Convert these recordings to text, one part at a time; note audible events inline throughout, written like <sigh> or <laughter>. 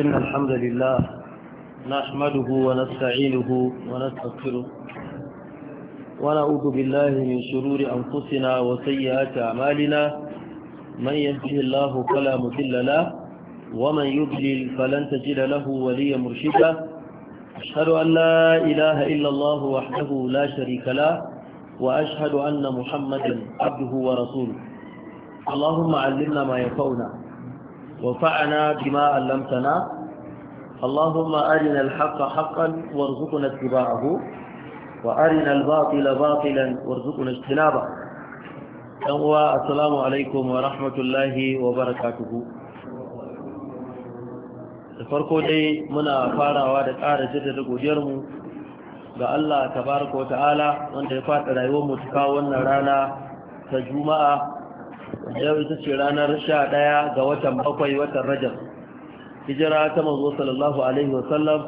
إن الحمد لله نحمده ونستعينه ونستغفره ونعوذ بالله من شرور أنفسنا وسيئات أعمالنا من يهده الله فلا مضل له ومن يضلل فلن تجد له وليا مرشدا أشهد أن لا إله إلا الله وحده لا شريك له وأشهد أن محمدا عبده ورسوله اللهم علمنا ما ينفعنا وفعنا بما علمتنا اللهم أرنا الحق حقا وارزقنا اتباعه وأرنا الباطل باطلا وارزقنا اجتنابه أهوى السلام عليكم ورحمة الله وبركاته farko dai muna farawa da ƙara da godiyarmu ga Allah tabaraka wata'ala wanda ya faɗa rayuwarmu ta wannan rana ta juma'a yau ita ce ranar sha ɗaya ga watan bakwai watan rajar. hijira ta mazo sallallahu alaihi wasallam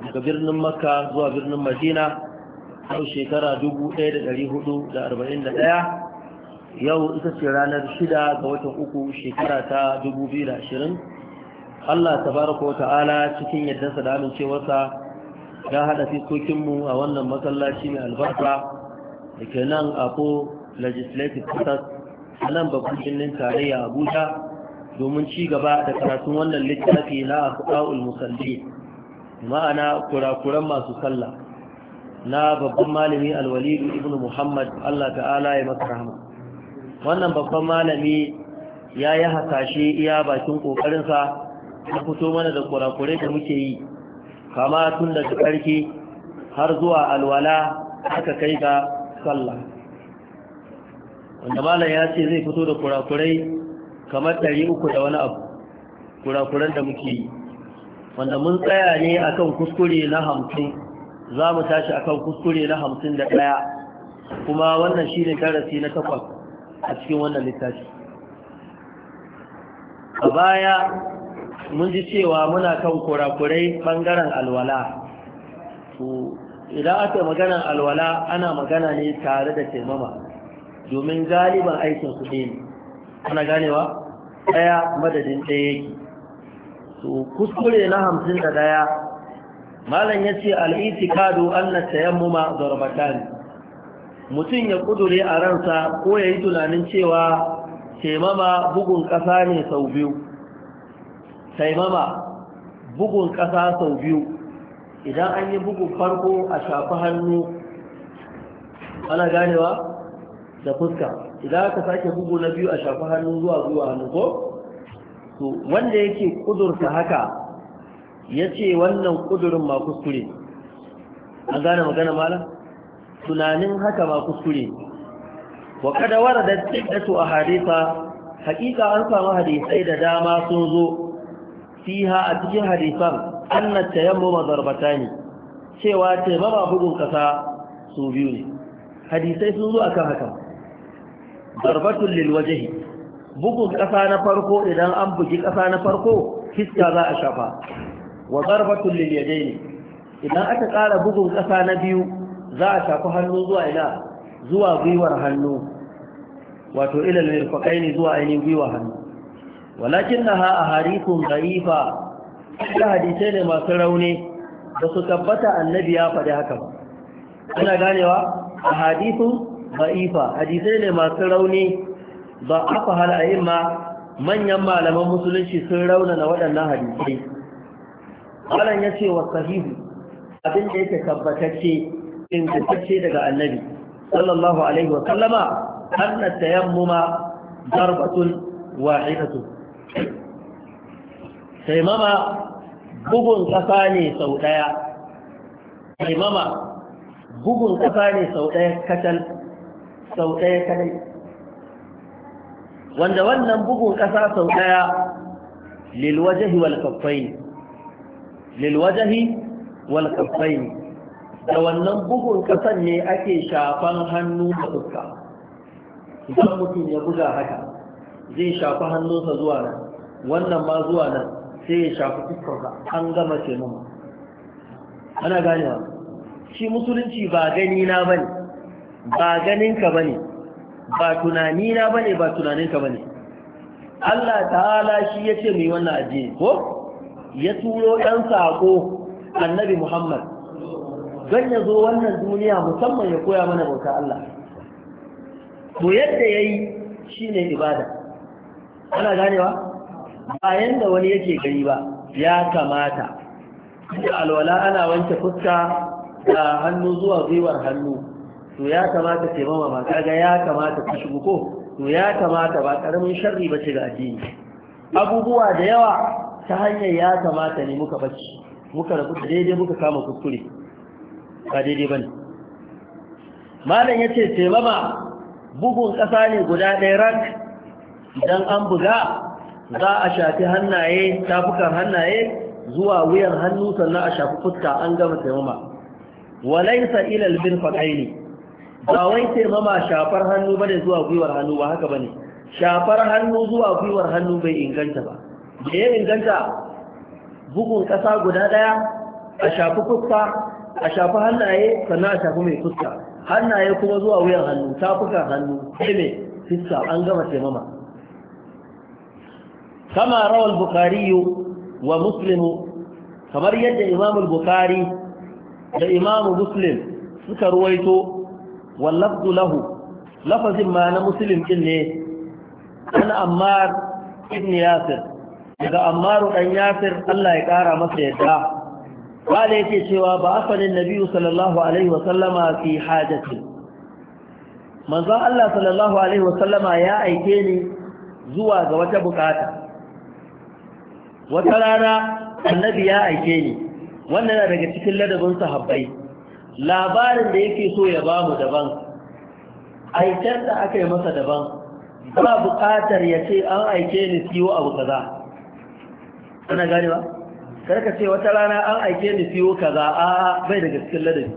daga birnin makka zuwa birnin madina yau shekara dubu ɗaya da hudu da arba'in da ɗaya. yau ita ce ranar shida ga watan uku shekara ta dubu biyu da ashirin. Allah tabaraka wa ta'ala cikin yaddansa da amincewarsa ya haɗa fiskokinmu a wannan masallaci mai albarka da ke nan a ko legislative process" a nan babban birnin tarayya abuja domin ci gaba da karatun wannan littafi na akwa'ul musalli ma'ana kurakuran masu sallah na babban malami alwalidu ibn muhammad allah ta'ala ya wannan babban malami ya yi hasashe iya bakin ƙoƙarinsa na fito mana da kurakurai da muke yi kama tun daga ƙarfi har zuwa alwala aka kai ga sallah wanda malam ya ce zai fito da kurakurai kamar ɗari uku da wani abu kurakuran da muke yi wanda mun tsaya ne akan kuskure na hamsin za mu tashi akan kuskure na hamsin da ɗaya kuma wannan shi ne karasi na takwas a cikin wannan littafi a baya mun ji cewa muna kan kurakurai ɓangaren alwala idan aka maganar alwala ana magana ne tare da taimama domin galiban aikin su ne ana ganewa daya madadin ɗaya yake to kuskure na hamsin da daya malam ya ce al'itikadu annas tayammuma darbatan mutum ya kudure a ransa ko ya yi tunanin cewa taimama bugun ƙasa ne sau biyu taimama bugun ƙasa sau biyu idan an yi bugun farko a shafi hannu ana ganewa da fuska idan aka sake bugu na biyu a shafi hannu zuwa zuwa hannu ko to wanda yake kudurta haka ya ce wannan kudurin ma kuskure an gane magana malam tunanin haka ma kuskure wa kada wara da tsiddatu a hadisa Hakika an samu hadisai da dama sun zo fiha a cikin hadisan annat tayammuma darbatani cewa taimama bugun kasa su biyu ne hadisai sun zo akan haka darbatun lil wajhi bugun ƙasa na farko idan an bugi ƙasa na farko fiska za a shafa wa darbatun lil yadaini idan aka ƙara bugun ƙasa na biyu za a shafi hannu zuwa ila zuwa gwiwar hannu wato ila ne zuwa ainihin gwiwar hannu walakinnaha ahadithun da'ifa da hadisai ne masu rauni da su tabbata annabi ya faɗi haka ba ana ganewa ahadithun ba'ifa hadisai ne masu rauni ba a a yin ma manyan malaman musulunci sun raunana waɗannan hadisai ƙwalan ya ce wa sahihu abin da yake tabbatacce ingantacce daga annabi sallallahu alaihi wa sallama anna tayammuma darbatun wahidatu taimama bugun ƙasa ne sau ɗaya taimama bugun ƙasa ne sau ɗaya kacal sau ɗaya kadai wanda wannan bugun ƙasa sau ɗaya lilwajahi wal kaffaini lilwajahi wal da wannan bugun ƙasan ne ake shafan hannu da fuska idan mutum ya buga haka zai shafi hannunsa zuwa nan wannan ma zuwa nan sai ya shafi fuskarsa an gama ce ana ganewa shi musulunci ba gani na bane ba ganinka ba ne ba tunanina ba ne ba tunaninka ba ne Allah ta'ala shi ya ce mai wannan ajiye ko ya turo ɗan saƙo annabi Muhammad don ya zo wannan duniya musamman ya koya mana bauta Allah to yadda ya yi shi ne ibada ana ganewa bayan da wani yake gari ba ya kamata alwala ana wanke fuska da hannu zuwa gwiwar hannu to ya kamata taimama ba kaga ya kamata ka shigo ko to ya kamata ba karamin sharri ba ce ga addini abubuwa da yawa ta hanyar ya kamata ne muka bace muka rabu da daidai muka kama kuskure ba daidai bane malam yace taimama bugun ƙasa ne guda ɗaya rank idan an buga za a shafi hannaye tafukan hannaye zuwa wuyan hannu sannan a shafi fuska an gama taimama walaisa ilal bin faƙaini ba wai taimama shafar hannu bane zuwa gwiwar hannu ba haka bane shafar hannu zuwa gwiwar hannu bai inganta ba me ya inganta bugun kasa guda daya a shafi fuska a shafi hannaye sannan a shafi mai fuska hannaye kuma zuwa wuyan hannu tafukan hannu sai mai fuska an gama taimama kama rawar bukari wa muslimu kamar yadda imamul bukari da imamu muslim suka ruwaito wallafzu lahu lafazin ma na musulun ɗin ne an ammar ibn yasir daga ammaru dan yasir Allah ya ƙara masa yadda wala yake cewa ba a na biyu sallallahu alaihi wasallama fi hajati manzo Allah sallallahu alaihi wasallama ya aike ni zuwa ga wata bukata wata rana annabi ya aike ni wannan daga cikin ladabin sahabbai labarin da yake so ya ba mu daban aikar da aka yi masa daban ba buƙatar ya ce an aike ni siyo abu kaza ana gane ba karka ce wata rana an aike ni siyo kaza a bai daga cikin ladabi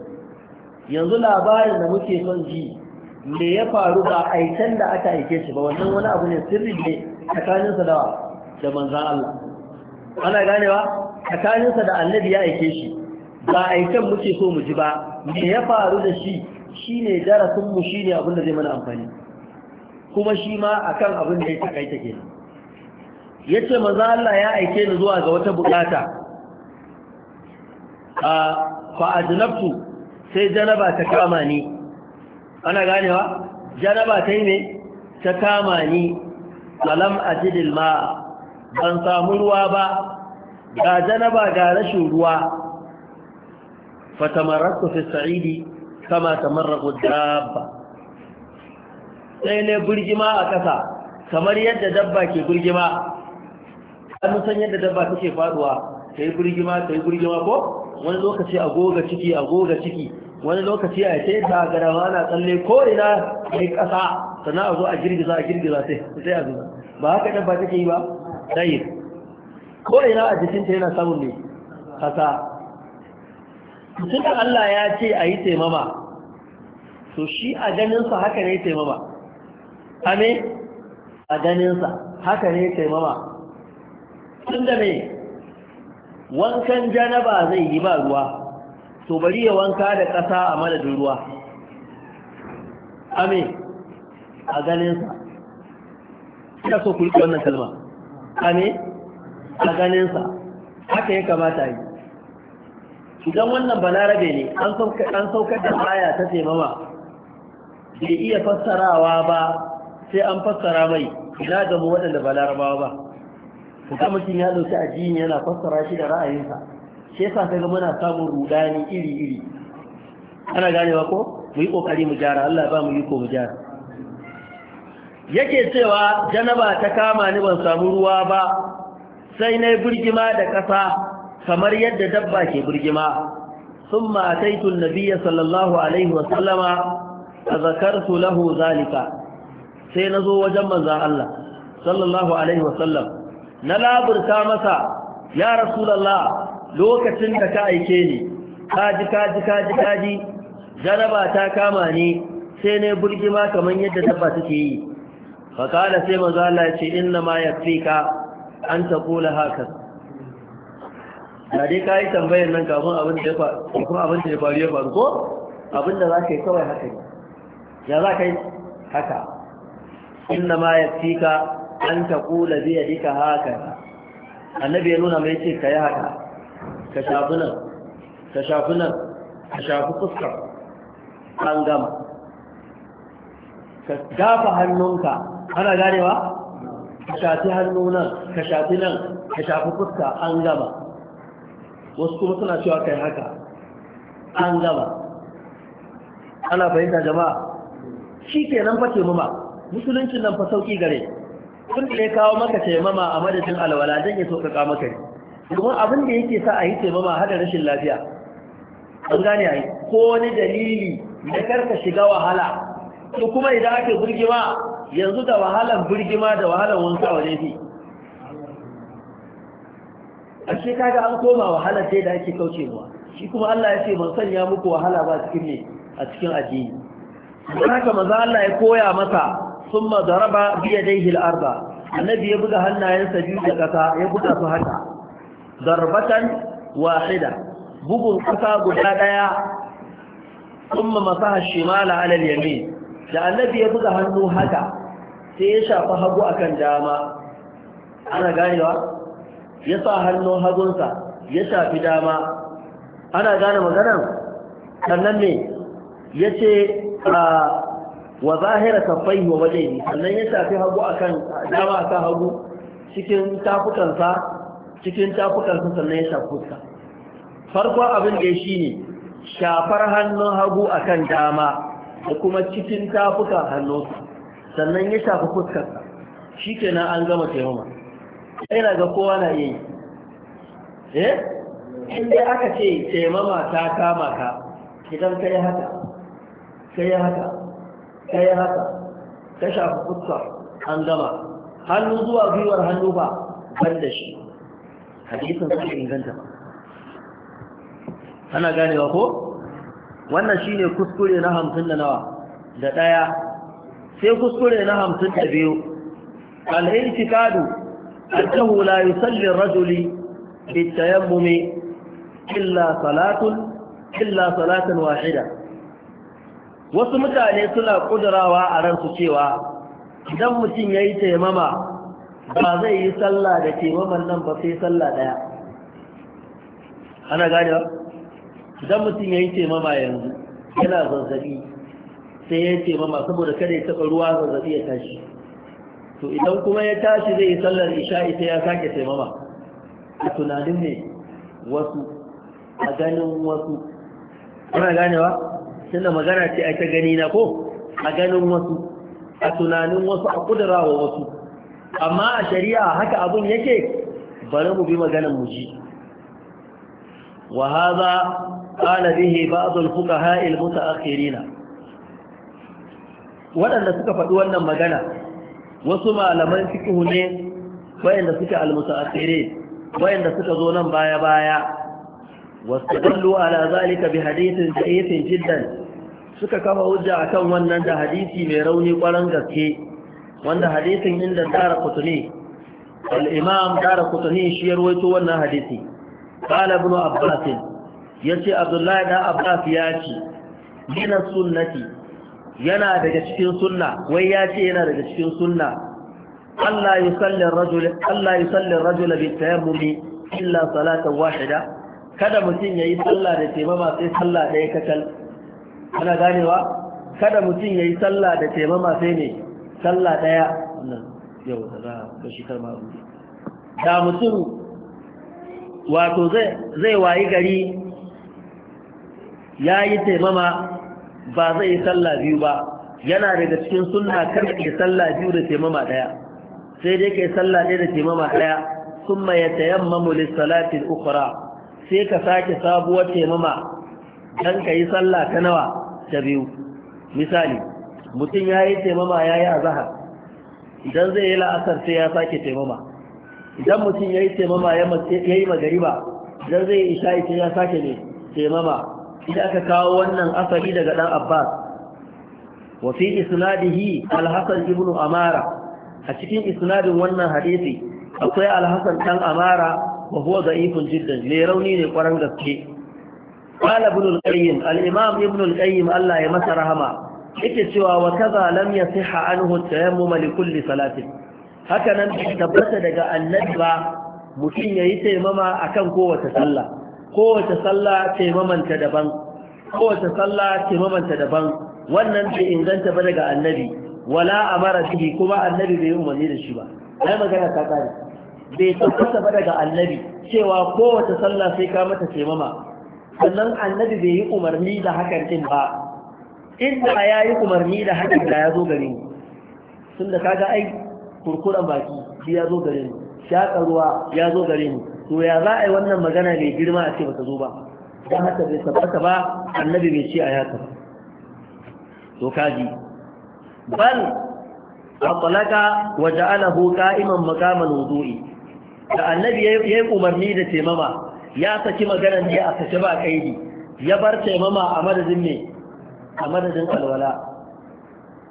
yanzu labarin da muke son ji me ya faru ba aikan da aka aike shi ba wannan wani abu ne sirri ne tsakaninsa da da manzan Allah ana gane ba tsakaninsa da annabi ya aike shi ba a yi kan muke so mu ji ba me ya faru da shi shi ne darasinmu shi ne abin zai mana amfani kuma shi ma a kan abin ya takaita ke ya ce maza Allah ya aike ni zuwa ga wata bukata a fa’adunabtu sai janaba ta kama ni ana ganewa janaba ta yi ne ta kama ni alam ajidil ma'a ban samu ruwa ba ga janaba ga rashin ruwa fatamararku في kama تمرق dabba sai ne burgima a ƙasa kamar yadda dabba ke burgima an san yadda dabba كي faduwa ta yi burgima yi ko wani lokaci a goga ciki a goga ciki wani lokaci a ce ta garama na tsalle ko ina a yi ƙasa sannan a zo a girgiza a girgiza sai ba haka dabba take yi ba ko ina a yana samun ne ƙasa tunda Allah ya ce a yi taimama to shi a ganinsa haka ne taimama Ame a ganinsa haka ne taimama tunda ne wankan janaba zai yi ba ruwa to bari ya wanka da ƙasa a madadin ruwa Ame a ganinsa ina so ku wannan kalma Ame a ganinsa haka ya kamata yi idan wannan balarabe ne an saukar da aya ta taimama bai iya fassarawa ba sai an fassara mai ina gama waɗanda balarabawa ba kuka mutum ya ɗauki jini yana fassara shi da ra'ayinsa shi yasa ga muna samun rudani iri-iri ana ganewa ko mu yi ƙoƙari mu gyara Allah ba mu yi ko mu gyara yake cewa janaba ta kama ni ban samu ruwa ba sai na yi birgima da ƙasa kamar yadda dabba ke birgima sun mataitun nabiya sallallahu alaihi wasallama a zakartu lahu zalika sai na zo wajen manzan Allah sallallahu alaihi wasallam na laburta masa ya rasulallah lokacin da ka aike ni kaji kaji kaji kaji jaraba ta kama ni sai ne burgima kamar yadda dabba take yi fakala sai manzan Allah ya ce inna ma yafika an ta kula haka da dai ka yi tambayar nan kafin abin da ya faru abin da ya faru ya faru ko abin da za ka yi kawai haka ne ya za ka yi haka inna ma ya fi ka an ta kula biya dika haka annabi ya nuna mai ce ka yi haka ka shafi nan ka shafi nan ka shafi fuska an gama ka gafa hannunka ana ganewa ka shafi hannunan, ka shafi nan ka shafi fuska an gama wasu kuma suna cewa kai haka an gama ana fahimta jama'a shi ke nan fa taimama musuluncin nan fa sauƙi gare sun da ya kawo maka taimama a madadin alwala don ya sauƙaƙa maka ne domin abin da yake sa a yi taimama hada rashin lafiya an gane ai ko wani dalili na karka shiga wahala to kuma idan ake birgima yanzu da wahalan burgima da wahalan wanka wa ne ashe kaga an koma wahala sai da ake kaucewa shi kuma Allah ya ce ban sanya muku wahala ba cikin ne a cikin addini don haka maza Allah ya koya masa summa daraba bi yadayhi al-arba annabi ya buga hannayensa biyu da kasa ya buga su haka darbatan wahida bugun kasa guda daya summa masaha shimala ala al-yamin da annabi ya buga hannu haka sai ya shafa hagu akan dama ana ganewa ya sa hannun hagunsa ya shafi dama ana gane maganar sannan ne ya ce a wa zahira kafai wa wajehi sannan ya shafi hagu akan dama a kan hagu cikin tafukansa cikin tafukansa sannan ya shafi fuska farkon abin da ya shi ne shafar hannun hagu akan dama da kuma cikin tafukan hannunsa sannan ya shafi fuskarsa shi kenan an gama taimama ina ga kowa na yi eh inda aka ce taimama ta kama ka idan ka yi haka ka yi haka ka yi haka ka shafi fuska an gama hannu zuwa gwiwar hannu ba ban da shi hadisin sun inganta ba ana ganewa ko wannan shine kuskure na hamsin da nawa da ɗaya sai kuskure na hamsin da biyu al'intikadu أنه لا يصلي الرجل بالتيمم إلا صلاة إلا صلاة واحدة وسمتع ليسلا قدرة وعرنس cewa, idan mutum ya yi taimama ba zai yi sallah da taimaman nan ba sai sallah ɗaya. ana gane ba idan mutum ya yi taimama yanzu yana zazzabi sai ya yi taimama saboda kada ya taɓa ruwa zazzabi ya tashi to idan kuma ya tashi zai yi sallar isha'i sai ya sake taimama a tunanin ne wasu a ganin wasu kuna ganewa suna magana ce a gani na ko a ganin wasu a tunanin wasu a wa wasu amma a shari'a haka abin yake bari mu bi maganan mu ji wa hadha qala bihi ba'd al-fuqaha al-mutaakhirin wadanda suka faɗi wannan magana wasu malaman fiqhu ne wayanda suka bayan wayanda suka zo nan baya baya Wasu wastadallu ala zalika bi hadithin sahih jiddan suka kafa hujja akan wannan da hadisi mai rauni kwaran gaske wanda hadisin inda dara kutuni al-imam dara kutuni shi ya ruwaito wannan hadisi qala ibn abbas yace abdullahi da abbas ya ce min sunnati yana daga cikin sunna wai ya ce yana daga cikin sunna Allah ya salli rajul Allah ya salli rajul bi tayammumi illa salatan wahida kada mutum yayi sallah da taimama sai sallah ɗaya kakal ana ganewa kada mutum yayi sallah da taimama sai ne sallah ɗaya nan yau da za ka shi kalma da mutum wato zai zai wayi gari yayi taimama ba zai yi sallah biyu ba yana daga cikin sunna kar ke sallah biyu da taimama daya sai dai kai sallah ɗaya da taimama daya ya tayammamu lis-salati al-ukhra sai ka sake sabuwar taimama dan yi sallah ta nawa ta biyu misali mutum yi taimama yi azhar idan zai yi la'asar sai ya sake taimama idan mutum yi taimama yi magariba idan zai isha sai ya sake ne taimama idan aka kawo wannan asali daga ɗan Abbas wa fi isnadihi al-Hasan ibn Amara a cikin isnadin wannan hadisi akwai al-Hasan Amara wa huwa da'ifun jiddan ne rauni ne kwaran gaske qala ibn al-Qayyim al Allah ya masa rahma. yake cewa wa kaza lam yasiha anhu tayammum li kulli salatin haka nan tabbata daga annabi ba mutum yayi taimama akan kowace sallah kowace sallah taimamanta daban kowace sallah mamanta daban wannan ce inganta ba daga annabi wala amara shi kuma annabi bai umarni da shi ba ai magana ta kare bai tabbata ba daga annabi cewa kowace sallah sai ka mata taimama sannan annabi bai yi umarni da hakan din ba inda ya yi umarni da hakan da ya zo gare mu tunda kaga ai kurkuran baki shi ya zo gare mu shaƙa ruwa ya zo gare mu to ya za a yi wannan magana mai girma a ce bata zo ba don haka bai tabbata ba annabi bai ce a yaka ba to kaji bal atlaka wa ja'alahu qa'iman maqamal wudu'i da annabi yayi umarni da taimama ya saki magana ne a sace ba kaidi ya bar taimama a madadin me a madadin alwala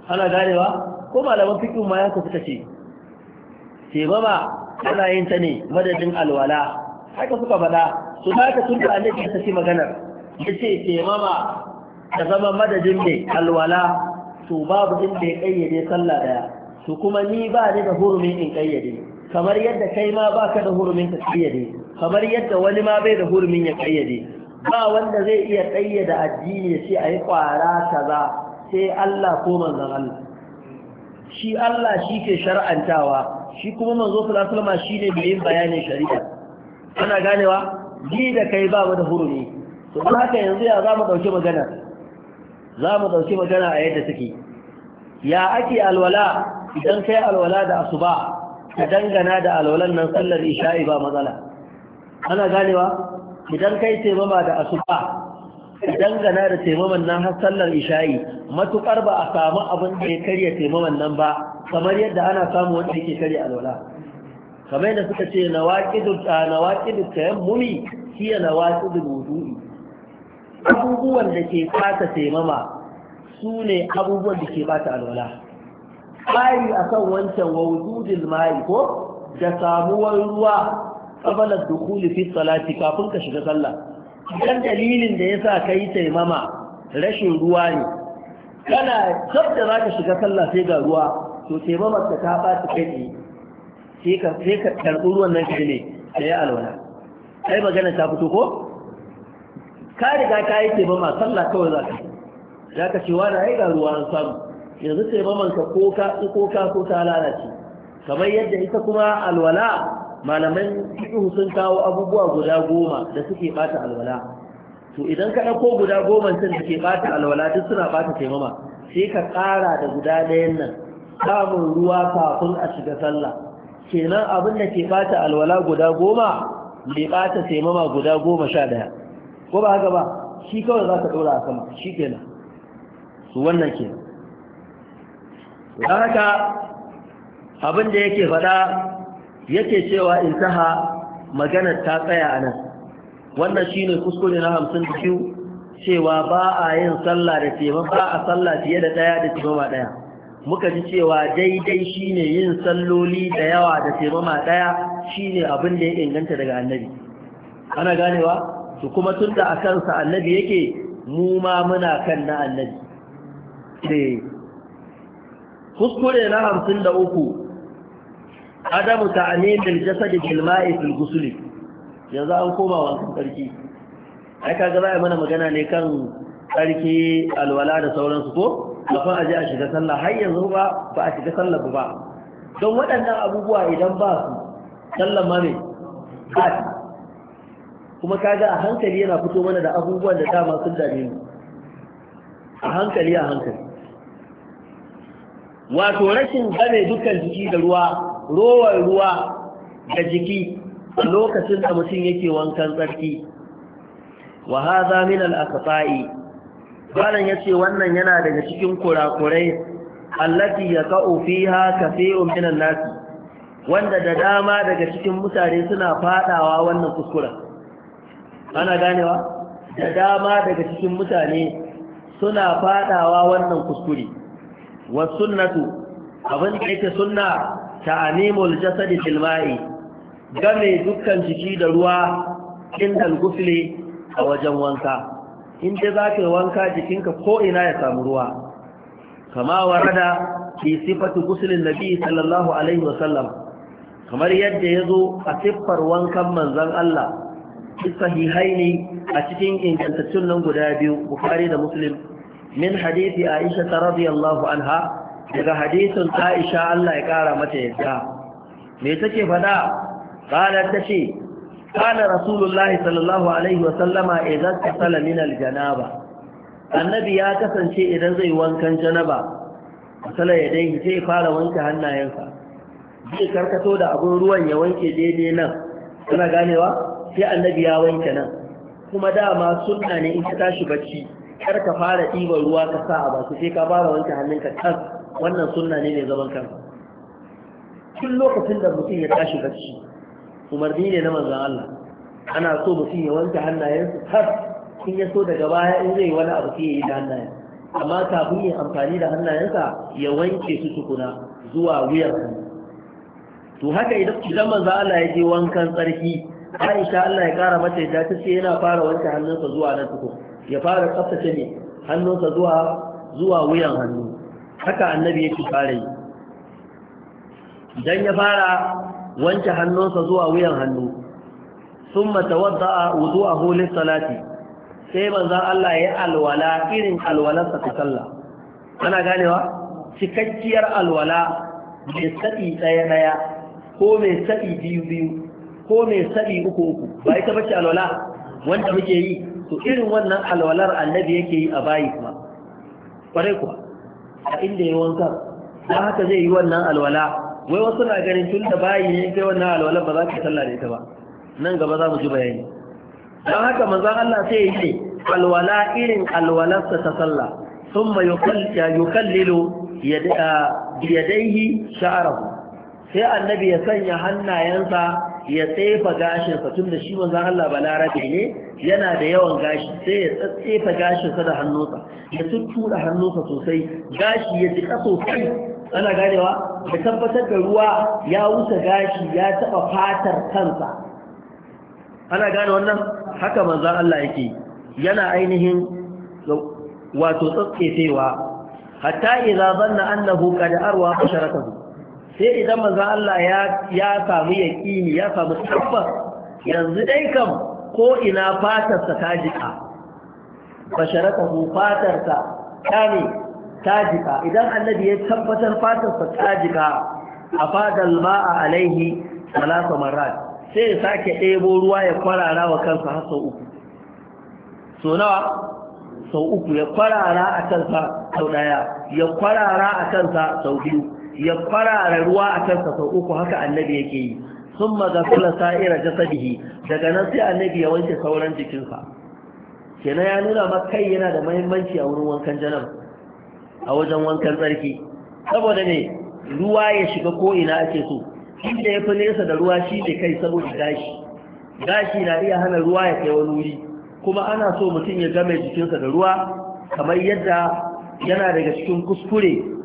ana ganewa ko malaman fikin ma ya ka fita ce taimama ana yin ta ne madadin alwala haka suka faɗa su ba ka tunda annabi ta ci maganar ya ce taimama ta zama madadin ne alwala to babu inda ya kayyade sallah daya to kuma ni ba ni da hurumin in kayyade kamar yadda kai ma ba ka da hurumin ka kayyade kamar yadda wani ma bai da hurumin ya kayyade ba wanda zai iya kayyade addini ya ce ai kwara kaza sai Allah ko manzon Allah shi Allah shi ke shar'antawa shi kuma manzo sallallahu alaihi wasallam shine mai yin bayanin shari'a ana ganewa ji da kai ba mu da hurumi to dan haka yanzu ya zamu dauke magana zamu dauke magana a yadda take ya ake alwala idan kai alwala da asuba ka dangana da alwalan nan sallar isha'i ba matsala ana ganewa idan kai ce ba da asuba dangana da taimaman nan har sallar isha'i matuƙar ba a samu abin da ya karya taimaman nan ba kamar yadda ana samu wanda yake karya alwala kamar yadda suka ce na shi ya na waƙi da wudu'i abubuwan da ke fata taimama su ne abubuwan da ke bata alwala ƙari akan wancan wa wujudul ma'i ko da samuwar ruwa kafalar dukuli fi salati kafin ka shiga sallah idan dalilin da ya sa ka yi taimama rashin ruwa ne kana sab da za ka shiga sallah sai ga ruwa to taimamar ka ta ta kai sai ka sai ka karɓi ruwan nan ka ne sai alwala ai magana ta fito ko ka riga ka yi taimama sallah kawai za ka za ka ce wani ai ga ruwa an samu yanzu taimaman ka ko ka ko ka ta lalace kamar yadda ita kuma alwala malaman fiqh sun kawo abubuwa guda goma da suke bata alwala to idan ka dauko guda goma sun suke ke bata alwala duk suna bata taimama sai ka ƙara da guda ɗayan nan samun ruwa kafin a shiga sallah kenan abin da ke bata alwala guda goma bai bata taimama guda goma sha ɗaya ko ba haka ba shi kawai za ka ɗora a sama shi kenan su wannan kenan don haka abin da yake faɗa yake cewa intaha maganar ta tsaya a nan wannan shine kuskure na hamsin da biyu cewa ba a yin sallah da tema ba a sallah fiye da ɗaya da temama ɗaya muka ji cewa daidai shine yin salloli da yawa da temama ɗaya shine abin da ya inganta daga annabi ana ganewa to kuma tun da a kansa annabi yake mu ma muna kan na annabi eh. kuskure na hamsin da uku adamu ta'amilil jasadi bil ma'i fil ghusl yanzu an koma wankan tsarki ai kaga ba mana magana ne kan tsarki alwala da sauransu ko kafin aje a shiga sallah har yanzu ba ba a shiga sallah ba don waɗannan abubuwa idan ba su sallah ma ne ba kuma kaga a hankali yana fito mana da abubuwan da dama sun dame mu a hankali a hankali wato rashin game dukkan jiki da ruwa rowar ruwa da jiki a lokacin da mutum yake wankan tsarki wa hadha min al-aqta'i balan yace wannan yana daga cikin kurakurai allati yaqa'u fiha kaseerun min an-nas wanda da dama daga cikin mutane suna fadawa wannan kuskura ana ganewa da dama daga cikin mutane suna fadawa wannan kuskure wa sunnatu abin da yake sunna ta'amimul jasadi fil ma'i game dukkan jiki da ruwa inda al a wajen wanka in dai zaka wanka jikinka ko ina ya samu ruwa kama warada fi sifatu guslin nabi sallallahu alaihi wasallam kamar yadda yazo a siffar wankan manzon Allah sahihaini a cikin ingantaccen nan guda biyu bukhari da muslim min hadisi aisha radiyallahu anha daga hadisin Aisha Allah ya kara mata yadda me take fada ta tace Kana rasulullahi sallallahu alaihi wasallama idan tasala min aljanaba annabi ya kasance idan zai wankan janaba sala ya dai zai fara wanke hannayensa zai karkato da abun ruwan ya wanke daidai nan kana ganewa sai annabi ya wanke nan kuma dama sunna ne in ka tashi bacci kar ka fara ɗiban ruwa ka sa a baki sai ka fara wanke hannunka kan wannan sunna ne mai zaman kansa tun lokacin da mutum ya tashi bacci umarni ne na manzan Allah ana so mutum ya wanke hannayensu har in ya so daga baya in zai wani abu sai ya yi da hannayen amma kafin ya amfani da hannayensa ya wanke su tukuna zuwa wuyar to haka idan manzan Allah ya je wankan tsarki Aisha Allah ya kara mata yadda ta ce yana fara wanke hannunsa zuwa nan tukun ya fara tsaftace ne hannunsa zuwa zuwa wuyan hannu haka annabi yake fara yi idan ya fara wanke hannunsa zuwa wuyan hannu sun mata wadda a holin salati sai manzan Allah ya alwala irin alwalarsa ta sallah ana ganewa cikakkiyar alwala mai sadi ɗaya daya ko mai sadi biyu-biyu ko mai sadi uku-uku ba ita bace alwala wanda muke yi to irin wannan alwalar annabi yake yi a bayi kuma ƙwarai kuwa a inda ya wanka don haka zai yi wannan alwala wai wasu na ganin tun da bayi ne kai wannan alwala ba za ka sallah da ita ba nan gaba za mu ji bayani don haka manzon Allah sai ya ce alwala irin alwalarsa ta sallah ثم يقلل يديه شعره sai annabi ya sanya hannayensa ya tsefa gashinsa tun da shi manzan Allah ba larabe ne yana da yawan gashi sai ya tsefa gashinsa da hannunsa ya tuttura hannunsa sosai gashi ya jika sosai ana ganewa ya tabbatar da ruwa ya wuce gashi ya taɓa fatar kansa ana gane wannan haka manzan Allah yake yana ainihin wato tsatsetewa hatta idza zanna annahu qad arwa basharatahu sai idan Maza Allah ya ya ƙini ya samu tabbas yanzu dai kam ko ina fatarsa ta jika basharatahu fatar fatarsa ta ne ta jika idan annabi ya tabbatar fatarsa ta jika ba a alaihi salasa marat sai ya sake ɗebo ruwa ya kwarara wa kansa har sau uku so nawa sau uku ya kwarara a kansa sau ɗaya ya kwarara a kansa sau biyu ya kwarara ruwa a kansa sau uku haka annabi yake yi sun kula sa'ira jasadihi daga nan sai annabi ya wanke sauran jikinsa kenan ya nuna ma kai yana da mahimmanci a wurin wankan janar, a wajen wankan tsarki saboda ne ruwa ya shiga ko ina ake so inda ya fi nesa da ruwa shi ne kai saboda gashi gashi na iya hana ruwa ya kai wani wuri kuma ana so mutum ya game jikinsa da ruwa kamar yadda yana daga cikin kuskure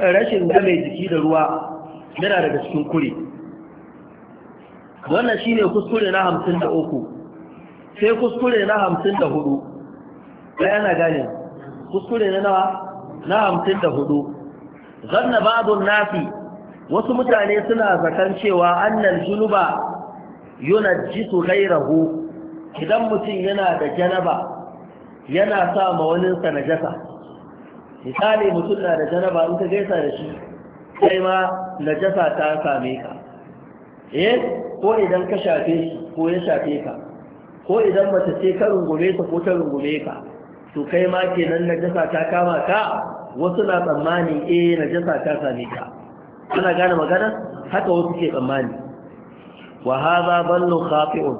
rashin game jiki da ruwa yana daga cikin kure wannan ne kuskure na hamsin da uku sai kuskure na hamsin da hudu ɗaya yana gane kuskure na nawa na hamsin da hudu zanna babun nafi wasu mutane suna zakan cewa annal junuba yunajjisu ghairahu idan mutum yana da janaba yana sa ma wani sa misali mutum na da janaba in ka gaisa da shi sai ma najasa ta same ka eh ko idan ka shafe shi ko ya shafe ka ko idan mace ce ka rungume ta ko ta rungume ka to kai ma kenan najasa ta kama ka wasu na tsammani eh najasa ta same ka ana gane magana haka wasu ke tsammani wa hadha ballu khafi'un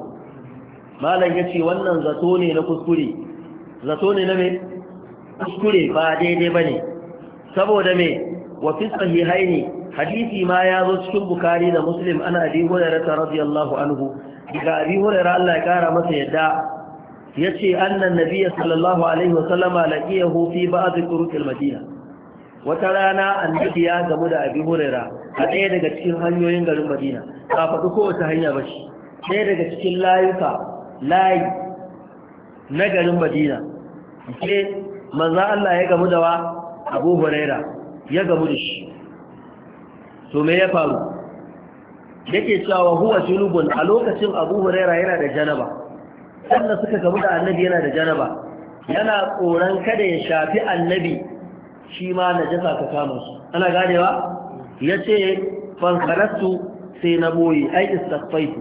malan yace wannan zato ne na kuskure zato ne na me kuskure ba daidai ba ne. saboda me wa fi haini, hadisi ma ya zo cikin bukari da muslim ana abi ta radiyallahu anhu daga abi hurairah Allah ya kara masa yadda yace annan biya sallallahu alaihi wa sallama laqiyahu fi zikin turuqil madina wata rana annabi ya gamu da abi hurairah a ɗaya daga cikin hanyoyin garin madina ba faɗi kowace hanya ba shi ɗaya daga cikin layuka layi na garin madina ke manzan Allah ya gamu da wa abu huraira ya gamu da shi to me ya faru yake cewa huwa junubun a lokacin abu huraira yana da janaba sannan suka gamu da annabi yana da janaba yana tsoron kada ya shafi annabi shi ma na jasa ka kama su ana ganewa ya ce fankarattu sai na boye ai istafaitu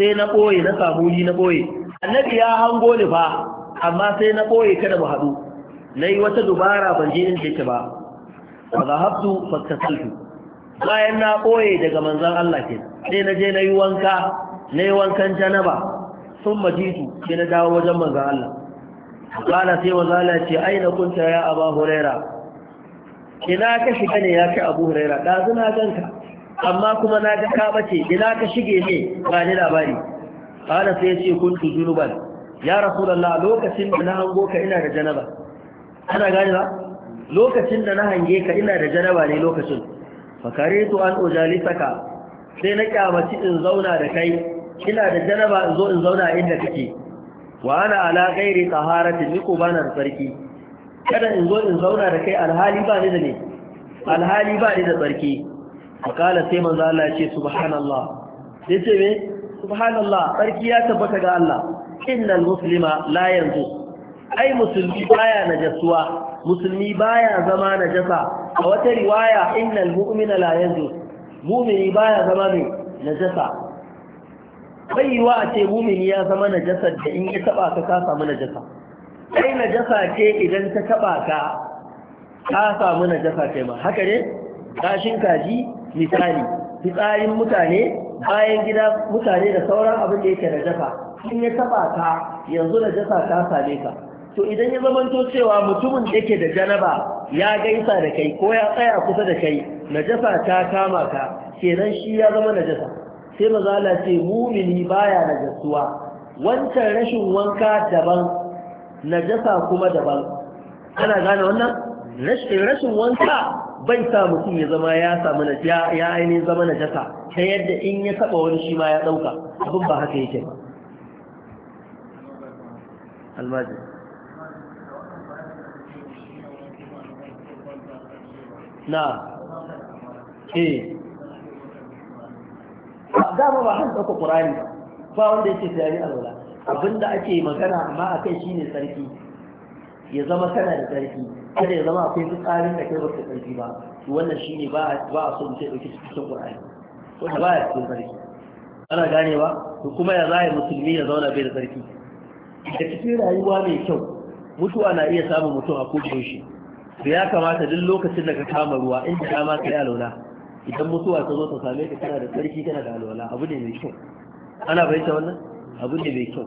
sai na boye na yi na boye annabi ya hango ni fa amma sai na boye kada mu haɗu na yi wata dubara ban je inda yake ba wa zahabtu haftu fastasaltu bayan na ɓoye daga manzan Allah ke sai na je na yi wanka na yi wankan janaba sun majitu sai na dawo wajen manzon Allah kala sai manzan Allah ce aina kunta ya abu huraira ina ka shiga ne ya ce abu huraira ɗazu na ganka amma kuma na ga ka bace ina ka shige ne ba ni labari kala sai ya ce kuntu junuban ya rasulullah lokacin da na hango ka ina da janaba ana gane ba lokacin da na hange ka ina da janaba ne lokacin fakaretu an saka. sai na kyamaci in zauna da kai ina da janaba in zo in zauna inda kake wa ana ala ghairi taharatin niko bana da tsarki kada in zo in zauna da kai alhali ba ni da ne alhali ba ni da tsarki kala sai manzo Allah ya ce subhanallah sai ce me subhanallah tsarki ya tabbata ga Allah innal muslima la yanzu ai musulmi baya najasuwa musulmi baya zama najasa a wata riwaya innal mu'mina la yanzu mu'mini baya zama mai najasa bai wa a ce mu'mini ya zama najasa da in ya taba ka ka samu najasa kai najasa ce idan ta taba ka ka samu najasa ce ma haka ne kashin kaji misali fitsarin mutane bayan gida mutane da sauran abin da yake najasa in ya taba ka yanzu najasa ta same ka to idan ya zamanto cewa mutumin da yake da janaba ya gaisa da kai ko ya tsaya kusa da kai najasa ta kama ka kenan shi ya zama najasa sai mazala ce mumini baya najasuwa wancan rashin wanka daban najasa kuma daban ana gane wannan rashin wanka bai sa mutum ya zama ya samu ya ya ainihin zama najasa ta yadda in ya saba wani shi ma ya dauka abin ba haka yake ba almajiri na eh dama ba han ɗauka ƙurani ba wanda yake tsari a lura abinda ake magana amma a kai shine tsarki ya zama kana da tsarki kada ya zama akwai fitsarin da kai ba tsarki ba wannan shine ba ba a so mutum ɗauki cikin ƙurani wanda ba ya cikin tsarki ana gane ba to kuma ya zai musulmi ya zauna bai da tsarki da cikin rayuwa mai kyau mutuwa na iya samun mutum a kodayaushe to ya kamata duk lokacin da ka kama ruwa in ka ma ka yi alwala idan mutuwa ta zo ta same ka kana da tsarki kana da alwala abu ne mai kyau ana bayyana wannan abu ne mai kyau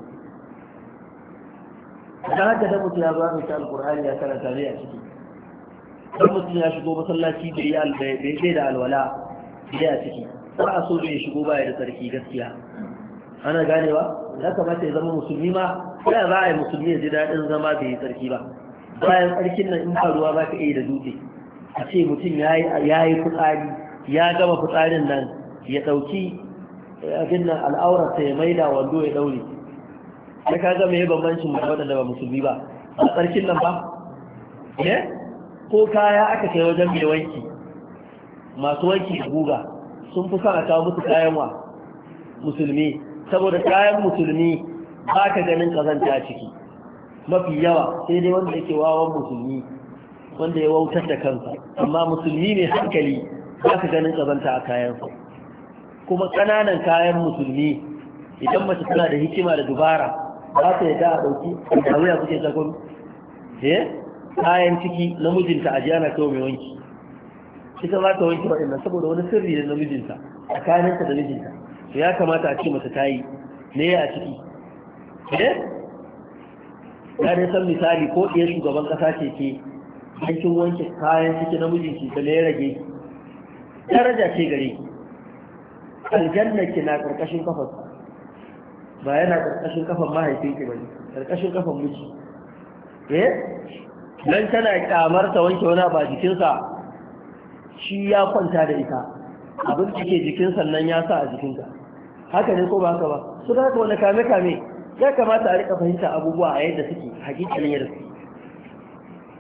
da haka da mutum ya zo ta alkur'ani ya karanta ne a ciki idan mutum ya shigo masallaci bai yi bai da alwala bai a ciki ba a so ya shigo baya da tsarki gaskiya ana ganewa ya kamata ya zama musulmi ma ya za a yi musulmi ya ji daɗin zama bai yi tsarki ba bayan tsarkin nan in faruwa ruwa ba ka iya da dutse a ce mutum ya yi fitsari ya gama fitsarin nan ya ɗauki eh, abin nan al'aurarsa ya maida wando ya ɗaure ya ka gama ya bambancin mutum waɗanda ba musulmi ba a tsarkin nan ba ne eh? ko kaya aka kai wajen mai wanki masu wanki da guga sun fi son a kawo musu kayan wa musulmi saboda kayan musulmi ba ka ganin kazanta ciki mafi yawa sai dai wanda yake wawan musulmi wanda ya wautar da kansa amma musulmi ne hankali za ka ganin tsabanta a kayansa kuma ƙananan kayan musulmi idan mace tana da hikima da dubara za ta yadda a ɗauki a wuya kuke zagon eh kayan ciki na mijinta a jiyana mai wanki ita za ta wanki waɗannan saboda wani sirri da na mijinta a da mijinta to ya kamata a ce mace ta yi ne a ciki eh ya dai san misali ko iya shugaban kasa ce ke hankin wanke kayan ciki na mijinki ta ne rage daraja ce gare aljanna ki na karkashin kafar ba yana karkashin kafar mahaifinki ba ne karkashin kafar miji eh dan tana kamar ta wanke wani ba jikinsa shi ya kwanta da ita abin da ke jikinsa nan ya sa a jikinka haka ne ko ba haka ba su da haka wani kame kame ya kamata a rika fahimta abubuwa a yadda suke hakikalin yadda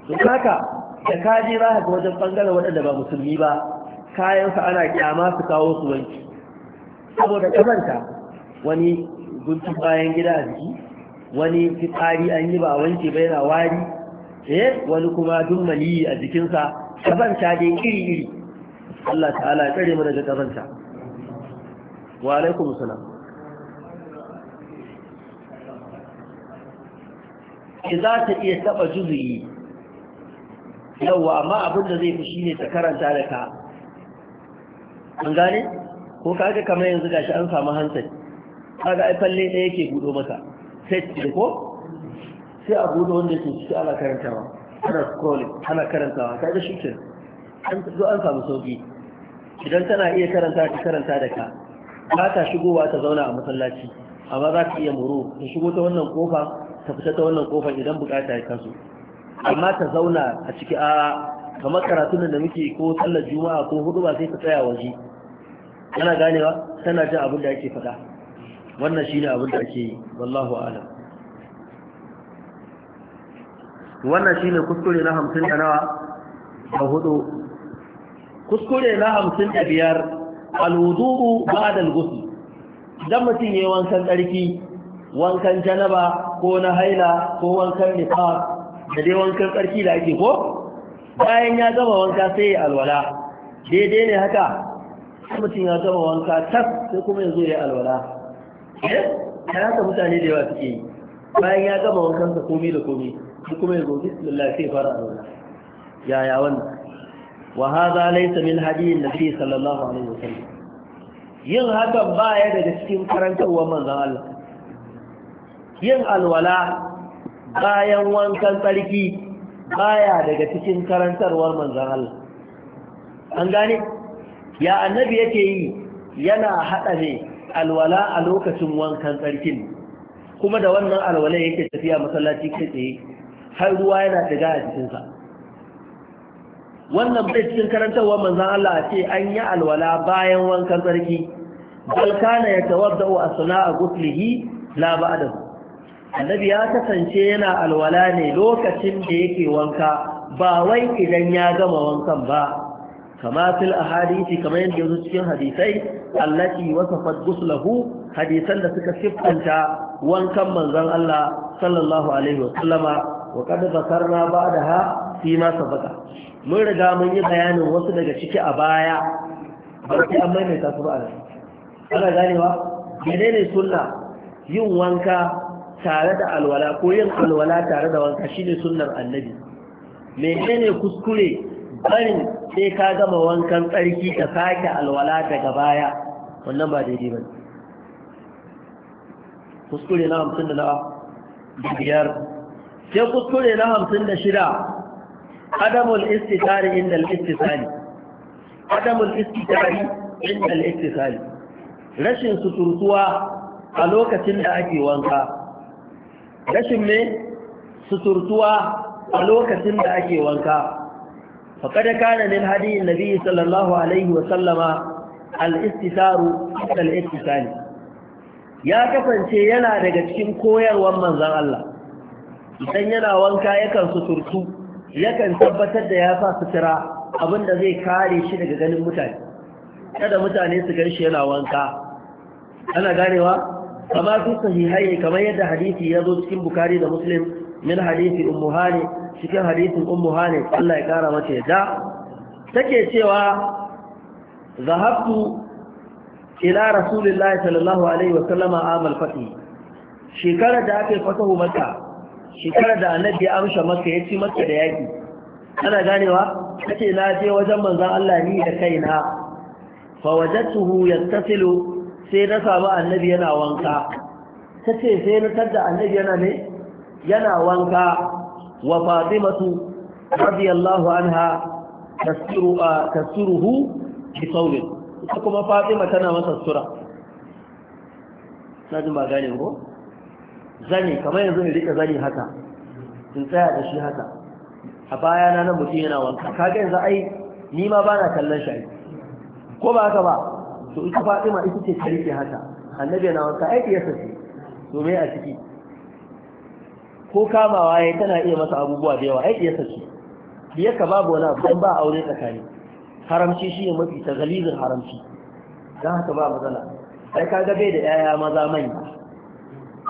suke haka da kaji za wajen bangaren waɗanda ba musulmi ba kayansa ana kyama su kawo su wanki saboda ƙazanta, wani guntun bayan gida a jiki wani fitsari an yi ba a wanke ba yana wari eh wani kuma dummali a jikinsa kazanta dai iri iri Allah ta'ala ya tsare mu daga ƙazanta. wa alaikum salam ce za ta iya taɓa juzuyi wa, amma abin da zai fi shi ne ta karanta da ka an gane ko kaga kamar yanzu gashi an samu hansari kaga ai falle ɗaya yake buɗo maka sai ce ko sai a buɗo wanda yake ciki ana karantawa ana scrolling ana karantawa ga shi ce. an zo an samu sauki idan tana iya karanta ta karanta da ka ba ta shigowa ta zauna a masallaci amma za ta iya muru ta shigo ta wannan kofa ta fita ta wannan kofar idan bukata ya kasu amma ta zauna a ciki a kamar karatun da muke ko tsallar juma'a ko hudu ba sai ta tsaya waje yana ganewa tana jin abin da ake faɗa wannan shi ne abin da ake yi wallahu a'lam wannan shi ne kuskure na hamsin da nawa da hudu kuskure na hamsin da biyar alwudu ba'da al-ghusl idan mutum yayin wankan tsarki wankan janaba ko na haila ko wankan nifas da dai wankan ƙarfi da ake ko bayan ya gama wanka sai ya alwala daidai ne haka mutum ya gama wanka tas sai kuma ya zo ya alwala eh? ya rasa mutane da yawa suke yi bayan ya gama sa komi da komi sai kuma ya zo bismillah sai fara alwala yaya wannan wa hadha laysa min hadiyin nabi sallallahu alaihi wasallam yin hakan ba ya daga cikin karantarwa manzon Allah yin alwala bayan wankan tsarki baya daga cikin karantarwar manzan Allah an gane ya annabi yake yi yana haɗa ne alwala a lokacin wankan tsarkin kuma da wannan alwala yake tafiya masallaci kai tsaye har ruwa yana daga a cikinsa wannan bai cikin karantarwar manzan Allah a ce an yi alwala bayan wankan tsarki balkana ya tawar tawadda wa asana a guslihi la ba'dahu annabi ya kasance yana alwala ne lokacin da yake wanka ba wai idan ya gama wankan ba kama fil ahadisi kamar yadda yanzu cikin hadisai allati wasafat guslahu hadisan da suka siffanta wankan manzon Allah sallallahu alaihi wa sallama wa qad zakarna ba'daha fi ma sabaqa mun riga mun yi bayanin wasu daga ciki a baya ba sai an maimaita su ba ana ganewa menene sunna yin wanka tare da alwala ko yin alwala tare da wanka shine sunnar annabi ne kuskure barin sai ka gama wankan tsarki ka sake alwala daga baya wannan ba daidai ba kuskure na hamsin da na biyar sai kuskure na hamsin da shida adamul istitari inda al'istisali adamul istitari inda al'istisali rashin suturtuwa a lokacin da ake wanka rashin me suturtuwa a lokacin da ake wanka faƙada kana min hadiyin nabi sallallahu alaihi wasallama al'istisaru al'istisani ya kasance yana daga cikin koyarwar manzan Allah idan yana wanka yakan suturtu yakan tabbatar da ya sa sutura abinda zai kare shi daga ganin mutane kada mutane su gan shi yana wanka ana ganewa kama fi sahihai kamar yadda hadisi ya zo cikin bukari da muslim min hadisi ummu hani cikin hadisin ummu hani Allah ya kara mata yadda take cewa zahabtu ila rasulillah, sallallahu alaihi wa sallama amal fati shekarar da aka yi fatahu maka shekarar da annabi ya amsha maka ya ci maka da yaki ana ganewa kace na je wajen manzon Allah ni da kaina fa wajadtuhu yattasilu sai na samu annabi yana wanka ta ce sai na tadda annabi yana ne yana wanka wa fatimatu radiyallahu anha tasiru tasiruhu bi saurin, ita kuma fatima tana masa sura na jin ba gane ko zani kamar yanzu ne rika zani haka in tsaya da shi haka a bayana na mutum yana wanka kaga yanzu ai ni ma bana kallon shi ko ba haka ba to ita fatima ita ce ta rike haka annabi na wanka aiki ya sace to me a ciki ko kamawa waye tana iya masa abubuwa da yawa aiki ya sace biyar ka babu wani abu ba aure tsakani haramci shi ne mafi ta galizin haramci dan haka ba matsala ai ka ga bai da 'ya'ya maza mai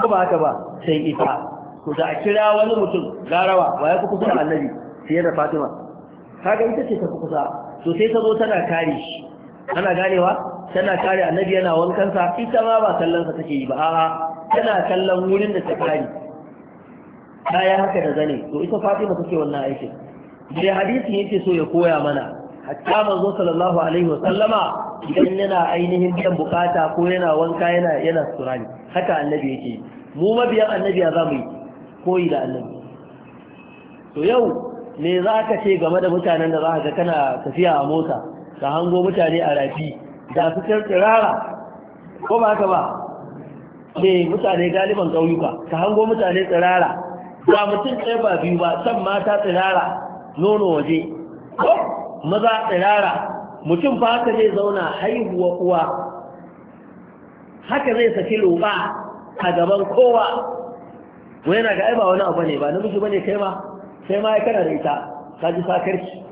ko ba haka ba sai ita ko da a kira wani mutum garawa wa ya fi kusa annabi sai da fatima kaga ita ce ta fi kusa to sai ta zo tana kare shi ana ganewa tana kare annabi yana wankansa ita ma ba kallonsa take yi ba a'a tana kallon wurin da ta kare ta yi haka da zane to ita fatima take wannan aikin da hadisin yake so ya koya mana hatta manzo sallallahu alaihi wasallama idan yana ainihin biyan bukata ko yana wanka yana yana surani haka annabi yake mu mabiya annabi ya zamu yi koyi da annabi to yau me za ka ce game da mutanen da za ka ga kana tafiya a mota ka hango mutane a rafi da su can tsirara ko ba ka ba ne mutane galiban ƙauyuka ka hango mutane tsirara ba mutum ɗaya ba biyu ba can mata tsirara nono waje ko maza tsirara mutum ba ka zai zauna haihuwa uwa haka zai saki loba a gaban kowa wani na ga a'iba ba wani abu ne ba namiji ne kai ma sai ma ya kana da ita ka ji sakarki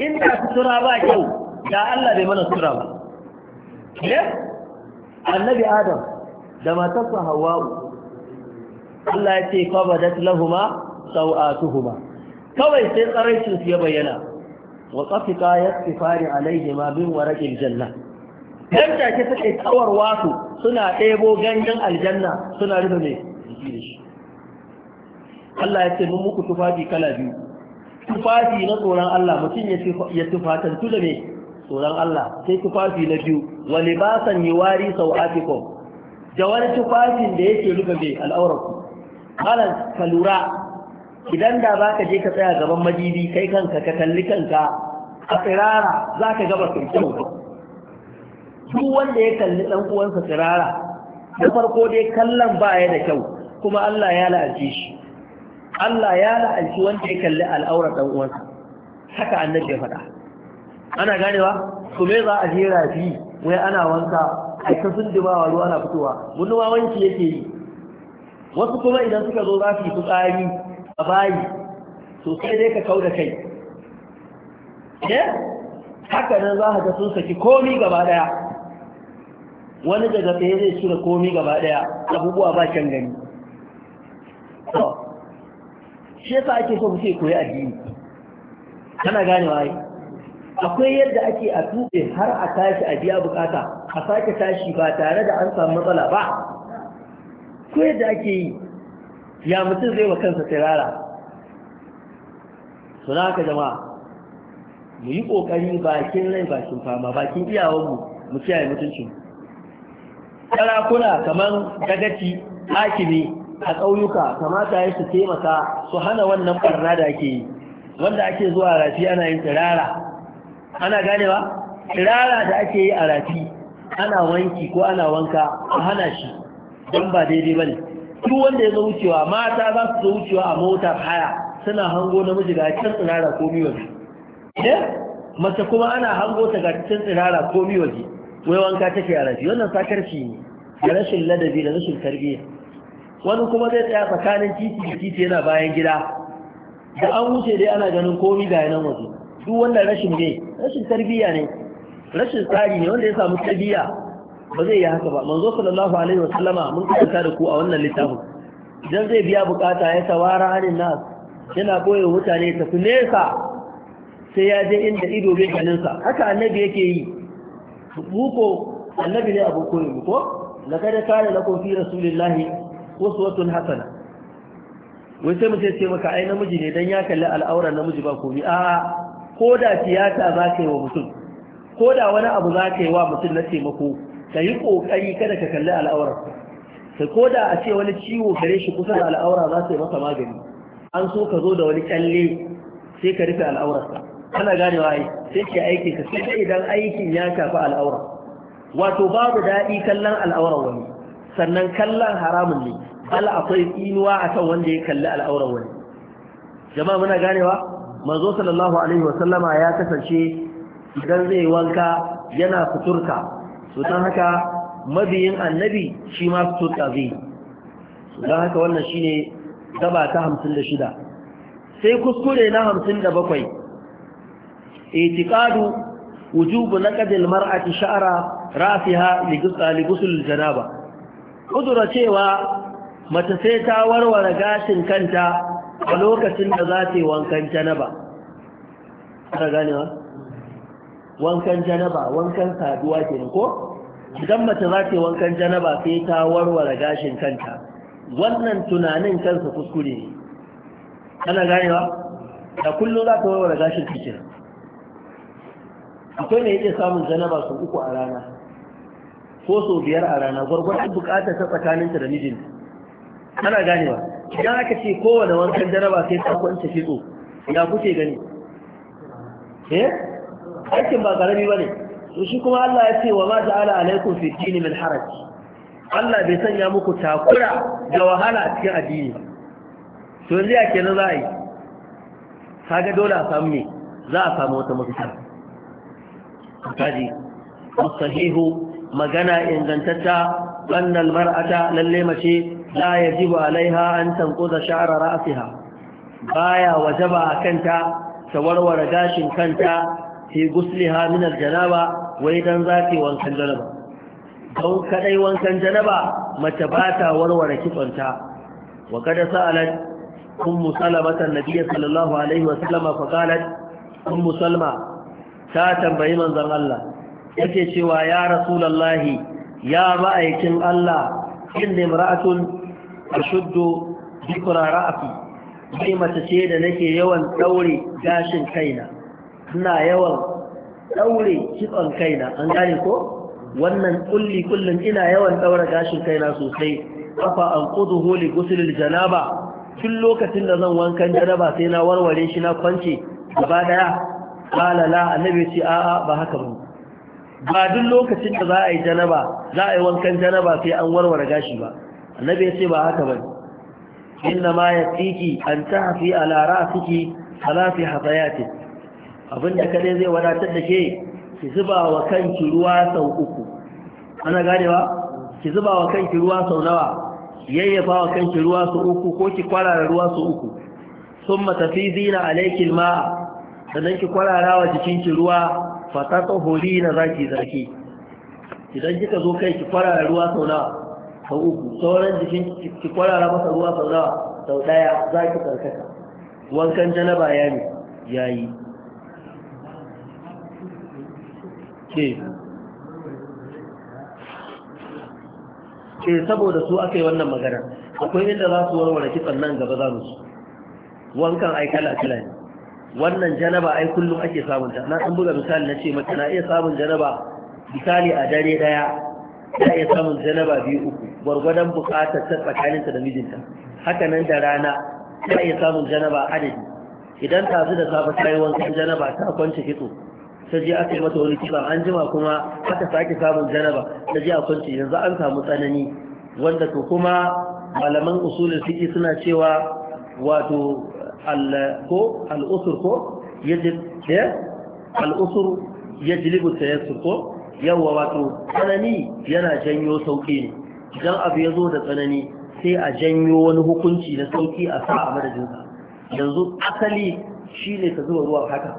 inda sutura ba kyau da Allah bai mana sutura ba ne annabi adam da matarsa hawa'u Allah ya ce fa badat lahuma sau'atuhuma kawai sai tsaraicin su ya bayyana wa tsafika yastifari alaihima min waraqil janna dan take take tsawar wasu suna ɗebo gangan aljanna suna rufe mai jiki da Allah ya ce mun muku tufafi kala biyu tufafi na tsoron Allah mutum ya tu da ne tsoron Allah sai tufafi na biyu Wani ba yi wari sau afiko da wani tufafin da yake rufe mai al'aurarku malam ka lura idan da za ka je ka tsaya gaban majibi kai kanka ka kalli kanka a tsirara za ka gaba sun kyau wanda ya kalli ɗan uwansa tsirara na farko dai kallon ba ya da kyau kuma Allah ya la'arce shi Allah ya la'alci wanda ya kalli al'aurar ɗan uwansa haka annabi ya faɗa ana ganewa to me za a jera fi wai ana wanka a ta sundumawa ruwa na fitowa wani wanki yake yi wasu kuma idan suka zo za su yi fitsari a bayi to sai dai ka kau da kai ne eh? haka nan za ka sun saki komi gaba ɗaya. wani daga ɗaya zai cire komi gaba ɗaya abubuwa ba can gani shi yasa ake so mutum ya koyi addini kana gane wai akwai yadda ake a tuɓe har a tashi a biya bukata a sake tashi ba tare da an samu matsala ba ko yadda ake yi ya mutum zai wa kansa tirara suna ka jama'a mu yi ƙoƙari bakin rai bakin fama bakin iyawarmu, mu kiyaye mutuncin sarakuna kamar dagaci hakimi a ƙauyuka kamata ya su taimaka su hana wannan barna da ake yi wanda ake zuwa rafi ana yin tsirara ana gane ba. tsirara da ake yi a rafi ana wanki ko ana wanka a hana shi don ba daidai ba ne duk wanda ya zo wucewa mata za su zo wucewa a motar haya suna hango namiji ga can tsirara ko miwaji eh? mace kuma ana hango ta ga can tsirara ko miwaji wai wanka take a rafi wannan sakarci ne da rashin ladabi da rashin tarbiyya wani kuma zai tsaya tsakanin titi da titi yana bayan gida da an wuce dai ana ganin komi ga yanan waje duk wannan rashin ne rashin tarbiyya ne rashin tsari ne wanda ya samu tarbiyya ba zai yi haka ba manzo sallallahu alaihi wa sallama mun karanta da ku a wannan littafin idan zai biya bukata ya tawara hanin nas yana boye mutane tafi nesa sai ya je inda ido bai ganin sa haka annabi yake yi buko annabi ne abu koyi ko kada kana lakum fi rasulillahi uswatun hasana wai sai mu ce maka ai namiji ne dan ya kalli al'auran namiji ba komi. a ko da tiyata za ka yi wa mutum ko da wani abu za ka yi wa mutum na taimako ka yi kokari kada ka kalli al'auran ka ko da a ce wani ciwo gare shi kusa da al'aura za ta yi masa magani an so ka zo da wani kyalle sai ka rufe al'aurarsa ana gane ai sai ke aikin ka sai idan aikin ya shafi al'aura wato babu daɗi kallon al'aurar wani sannan kallon haramun ne ala akwai inuwa akan wanda ya kalli al'auran wani jama'a muna ganewa manzo sallallahu alaihi wa sallama ya kasance idan zai wanka yana fiturka to dan haka mabiyin annabi shi ma fiturka zai dan haka wannan shi shine gaba ta shida. sai kuskure na hamsin da 57 itiqadu wujubu naqdil mar'ati sha'ra rafiha li ghusl janaba kudura cewa mace sai ta warware gashin kanta a lokacin da za ta yi wankan janaba ta wa? wankan janaba wankan saduwa ke ko idan mace za ta yi wankan janaba sai ta warware gashin kanta wannan tunanin kansa kuskure ne ana wa? da kullum za ta warware gashin kicin akwai ne yake samun janaba su uku a rana ko sau biyar a rana gwargwadon bukatar ta tsakaninta da mijinta ana ganewa idan aka ce kowane wankan jaraba sai ta kwanta fito ya kuke gani eh aikin ba karami ba ne to shi kuma Allah ya ce wa ma ta'ala alaikum fi dini min haraj Allah bai sanya muku takura da wahala a cikin addini ba to yanzu ya kenan za a yi kaga dole a samu ne za a samu wata mafita kaji as-sahihu magana ingantatta wannan mar'ata lalle mace la yajibu alaiha an tanquza sha'ra ra'siha baya wajaba a kanta ta warware gashin kanta fi gusliha min aljanaba wai dan zaki wankan janaba don kadai wankan janaba mace ba ta warware kifanta wa kada sa'alat ام سلمة النبي صلى الله عليه وسلم فقالت ام سلمة ساتم بيمن yake cewa ya rasulallahi ya ma'aikin Allah inda imra'atun ashuddu bikra ra'fi sai mace ce da nake yawan daure gashin kaina ina yawan daure kitson kaina an gane ko wannan kulli kullun ina yawan daure gashin kaina sosai kafa an quduhu li ghusl janaba tun lokacin da zan wankan janaba sai na warware shi na kwance gaba daya qala la annabi ci a'a ba haka ba ba duk lokacin da za a yi janaba za a yi wankan janaba sai an warware gashi ba annabi ya ce ba haka ba inna ma ya tsiki an ta hafi a lara suke halafi hafayati abinda kadai zai wadatar da ke ki zuba wa kanki ruwa sau uku ana gane ba. ki zuba wa kanki ruwa sau nawa yayyafa wa kanki ruwa sau uku ko ki kwarara ruwa sau uku sun matafi zina alaikin ma'a sannan ki kwarara wa jikinki ruwa fata hori na zaki zaki idan kika zo kai ki fara ruwa sau na sau uku sauran jikin ki kwarara masa ruwa sau na sau daya za ki karkata wankan janaba ya ne ya yi ke ke saboda su aka yi wannan magana akwai inda za su warware kitsan nan gaba za mu su wankan aikala kala ne wannan janaba ai kullum ake samunta na an buga misali na ce mace na iya samun janaba misali a dare daya ta iya samun janaba biyu uku gwargwadon bukatar ta tsakaninta da mijinta haka nan da rana ta iya samun janaba adadi idan ta da safe ta yi wankan janaba ta kwance kitso ta je aka yi mata wani kitson an jima kuma aka sake samun janaba ta je a kwance yanzu an samu tsanani wanda to kuma malaman usulin fiƙi suna cewa wato ko al'usur ko al'usur ya jilibu tayassur ko wato tsanani yana janyo sauƙi ne idan abu ya zo da tsanani sai a janyo wani hukunci na sauƙi a sa a madadinsa yanzu asali shi ne ta zuba ruwa haka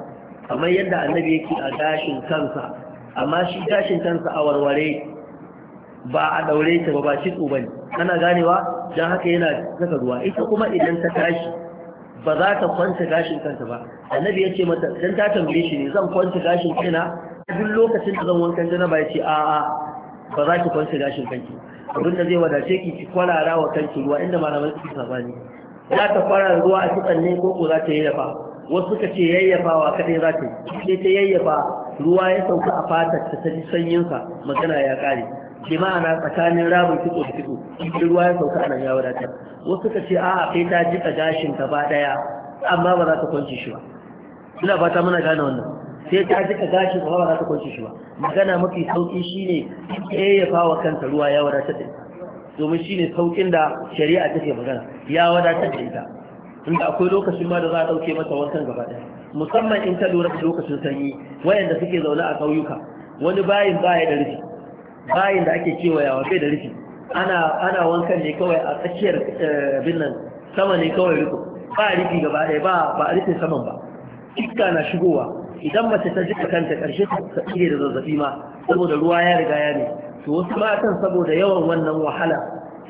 kamar yadda annabi yake a gashin kansa amma shi gashin kansa a warware ba a daure ta ba ba shi tsuba ne ana ganewa don haka yana saka ruwa ita kuma idan ta tashi ba za ta kwanta gashin kanta ba annabi ya ce mata dan ta tambaye shi ne zan kwanta gashin kina. duk lokacin da zan wankan jana ba ya ce a'a ba za ki kwanta gashin kanki abin da zai wadace ki ki kwarara wa kanki ruwa inda malamai suke sabani za ta kwarara ruwa a kitsan ne ko ko za ta yayyafa wasu suka ce yayyafawa kadai za ta yi sai ta yayyafa ruwa ya sauka a fatar ta ta ji sanyinsa magana ya kare bi ma'ana tsakanin rabin kitso da kitso in ruwa ya sauka nan ya wadatar wasu ka ce a'a kai ta jika gashin gaba daya amma ba za ta kwanci shi ba ina fata muna gane wannan sai ta jika gashin gaba ba za ta kwanci shi ba magana mafi sauki shine ya wa kanta ruwa ya wadatar da ita domin shine saukin da shari'a ta ke magana ya wadatar da ita inda akwai lokacin ma da za a dauke mata wankan gaba daya musamman in ta lura da lokacin sanyi wayanda suke zaune a kauyuka wani bayin baya da rufi bayin da ake yawa bai da rufi ana wankan ne kawai a tsakiyar eh, binnan sama ne kawai riko ba rufi gaba ɗaya ba a rufin saman ba iska na shigowa idan mace ta jika kanta ƙarshe ta tsire da zazzabi ma saboda ruwa ya riga ya ne to wasu matan saboda yawan wannan wahala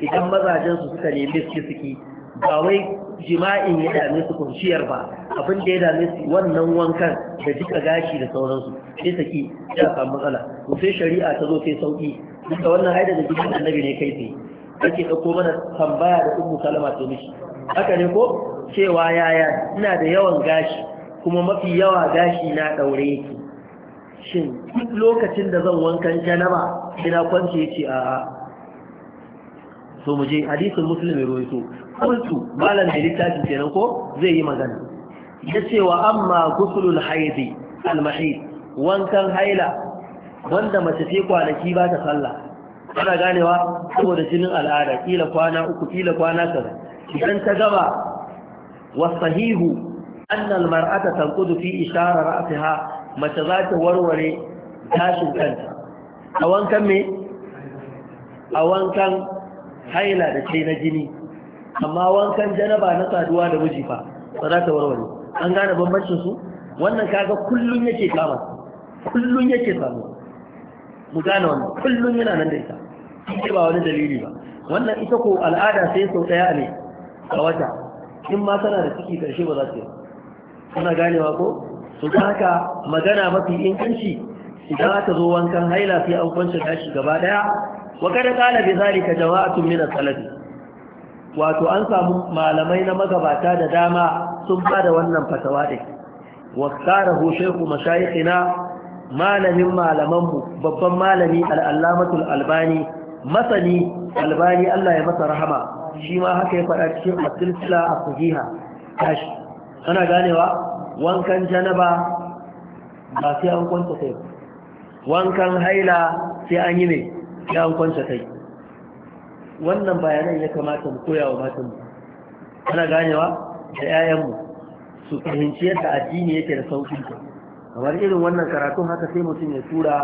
idan mazajensu suka nemi suke suke ba wai jima'in ya dame su kunciyar ba abin da ya dame su wannan wankan da jika gashi da sauransu sai saki ya samu matsala to sai shari'a ta zo sai sauki Duka wannan haida da jikin annabi ne kai tsaye ake ɗauko mana tambaya da ummu salama ta mishi haka ne ko cewa yaya ina da yawan gashi kuma mafi yawa gashi na ɗaure yake shin duk lokacin da zan wankan janaba ina kwance ce a'a to mu je hadisin muslim ya rawaito kuntu malam da littafin kenan ko zai yi magana ya ce wa amma gusulul haidi almahid wankan haila wanda mace ce kwanaki ba ta sallah kana ganewa saboda jinin al'ada kila kwana uku kila kwana kaza idan ta gaba wa sahihu anna almar'ata tanqudu fi ishara ra'siha mace za ta warware tashin kanta a wankan me a wankan haila da kai na jini amma wankan janaba na saduwa da miji fa ba za ta warware an gane bambancin su wannan kaga kullun yake kama kullun yake samu mu gane wannan kullun yana nan da ita sai ba wani dalili ba wannan ita ko al'ada sai sau daya ne a wata in ma tana da ciki karshe ba za ta yi kuna ganewa ko su ta haka magana mafi inganci idan aka zo wankan haila sai an kwance tashi gaba daya wa kada qala bi zalika jama'atun min as-salafi wato an samu malamai na magabata da dama sun bada wannan fatawa din wa karahu shaykhu mashayikhina malamin malamanmu babban malami al-allamatul albani masani albani Allah ya masa rahama shi ma haka ya faɗa cikin asilsila a sahiha tashi ana ganewa wankan janaba ba sai an kwanta sai wankan haila sai an yi mai ya an kai wannan bayanan ya kamata mu koya wa matanmu ana ganewa da 'ya'yanmu su fahimci yadda addini yake da sauƙi kamar irin wannan karatun haka sai mutum ya tura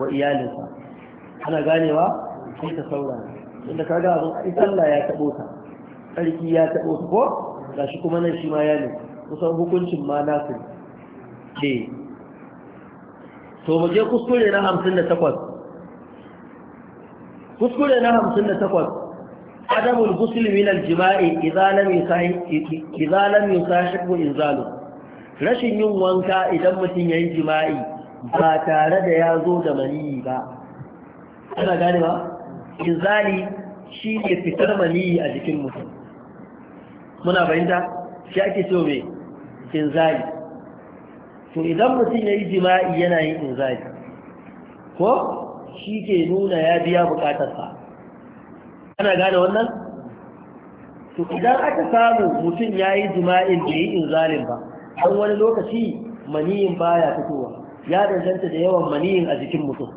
wa iyalinsa ana ganewa sai ta saura inda kaga abin sallah ya taɓo ta tsarki ya taɓo ta ko gashi kuma nan shi ma ya ne kusan hukuncin ma na su ce eh. to mu je kuskure na hamsin da takwas kuskure na hamsin da takwas adamul gusul min aljima'i idza lam yusahi idza lam inzalu rashin yin wanka idan mutum yayin jima'i ba tare da ya zo da maniyi ba ana gane ba inzali shi ne fitar maniyi a jikin mutum muna fahimta shi ake so me inzali to idan mutum yayin jima'i yana yin inzali ko shi ke nuna ya biya bukatarsa ana gane wannan? to idan aka samu mutum ya yi jima'in da yi in zalim ba an wani lokaci maniyin baya fitowa ya danganta da yawan maniyin a jikin mutum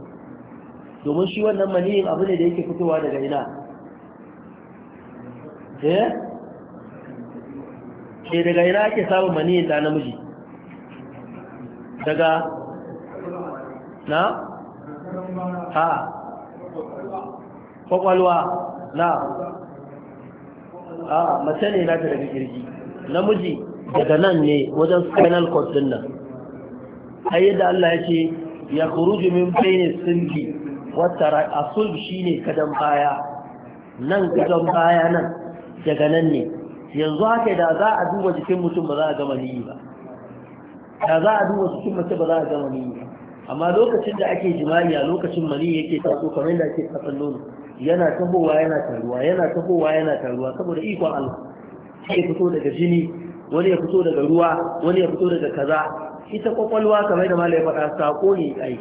domin shi wannan maniyin abu ne da yake fitowa daga ina eh ke eh, daga ina ake samun maniyin da namiji daga na ha kwakwalwa na a mace ne na ta daga girgi namiji daga nan ne wajen spinal cord din nan ai yadda Allah ya ce ya kuruju min bayni sinbi wata asul shine kadan baya nan kadan baya nan daga nan ne yanzu haka da za a duba jikin mutum ba za a gama ni ba da za a duba jikin mutum ba za a gama ni ba amma lokacin da ake jima'i a lokacin mani yake taso kamar yadda ake kasan nono yana tabowa yana taruwa yana tabowa yana taruwa saboda ikon Allah sai fito daga jini wani ya fito daga ruwa wani ya fito daga kaza ita kwakwalwa kamar da malai faɗa sako ne ai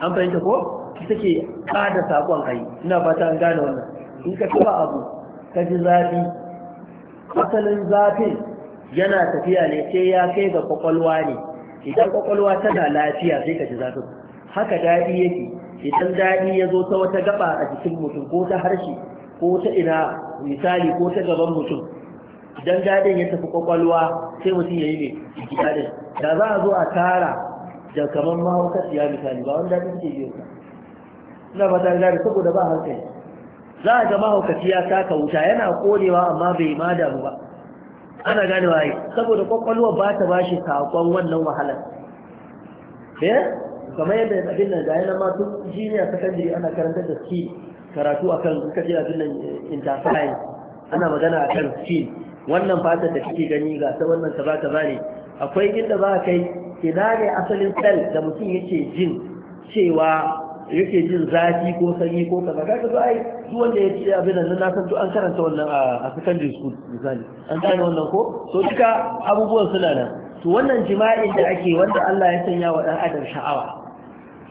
an fahimta ko ita ke kada sakon ai ina fata an gane wannan in ka tuba abu ka ji zafi asalin zafin yana tafiya ne sai ya kai ga kwakwalwa ne idan kwakwalwa tana lafiya sai ka ji zafin haka daɗi yake idan daɗi ya zo ta wata gaba a jikin mutum ko ta harshe ko ta ina misali ko ta gaban mutum idan daɗin ya tafi kwakwalwa sai mutum ya yi ne jiki daɗin da za a zo a tara da kamar mahaukaciya misali ba wani daɗin ke biyo ka ina ba da gane saboda ba hankali za a ga mahaukaciya ta ka wuta yana ƙonewa amma bai ma damu ba ana gane waye saboda kwakwalwa ba ta ba shi sakon wannan wahalar eh kamar yadda abin nan ga yana masu jiniya sakandare ana karantar da ski karatu akan kaje abin nan eh, interface ana magana akan ski wannan fatar da kike gani ga ta wannan ba kaza bane akwai inda ba kai ina ne asalin cell da mutum yake jin cewa yake jin zafi ko sanyi ko kaza kaga zo ai duk wanda ya ci abin nan na san to an karanta wannan a secondary school misali an gane wannan ko to duka abubuwan suna nan to wannan jima'in da ake wanda Allah ya sanya wa dan adam sha'awa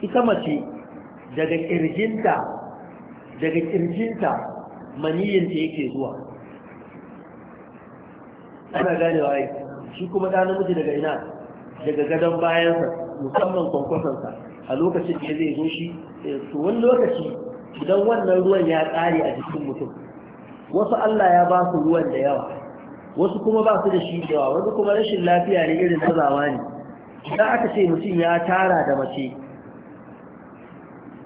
ita mace daga kirjinta daga kirjinta maniyin ta yake zuwa ana wa ai shi kuma ɗan namiji daga ina daga gadon bayansa musamman kwankwasansa a lokacin da zai zo shi eh, to wani lokaci idan wannan ruwan ya kare a jikin mutum wasu Allah ya ba su ruwan da yawa wasu kuma ba su da shi da yawa wasu kuma rashin lafiya ne irin tazawa ne idan aka ce mutum ya tara da mace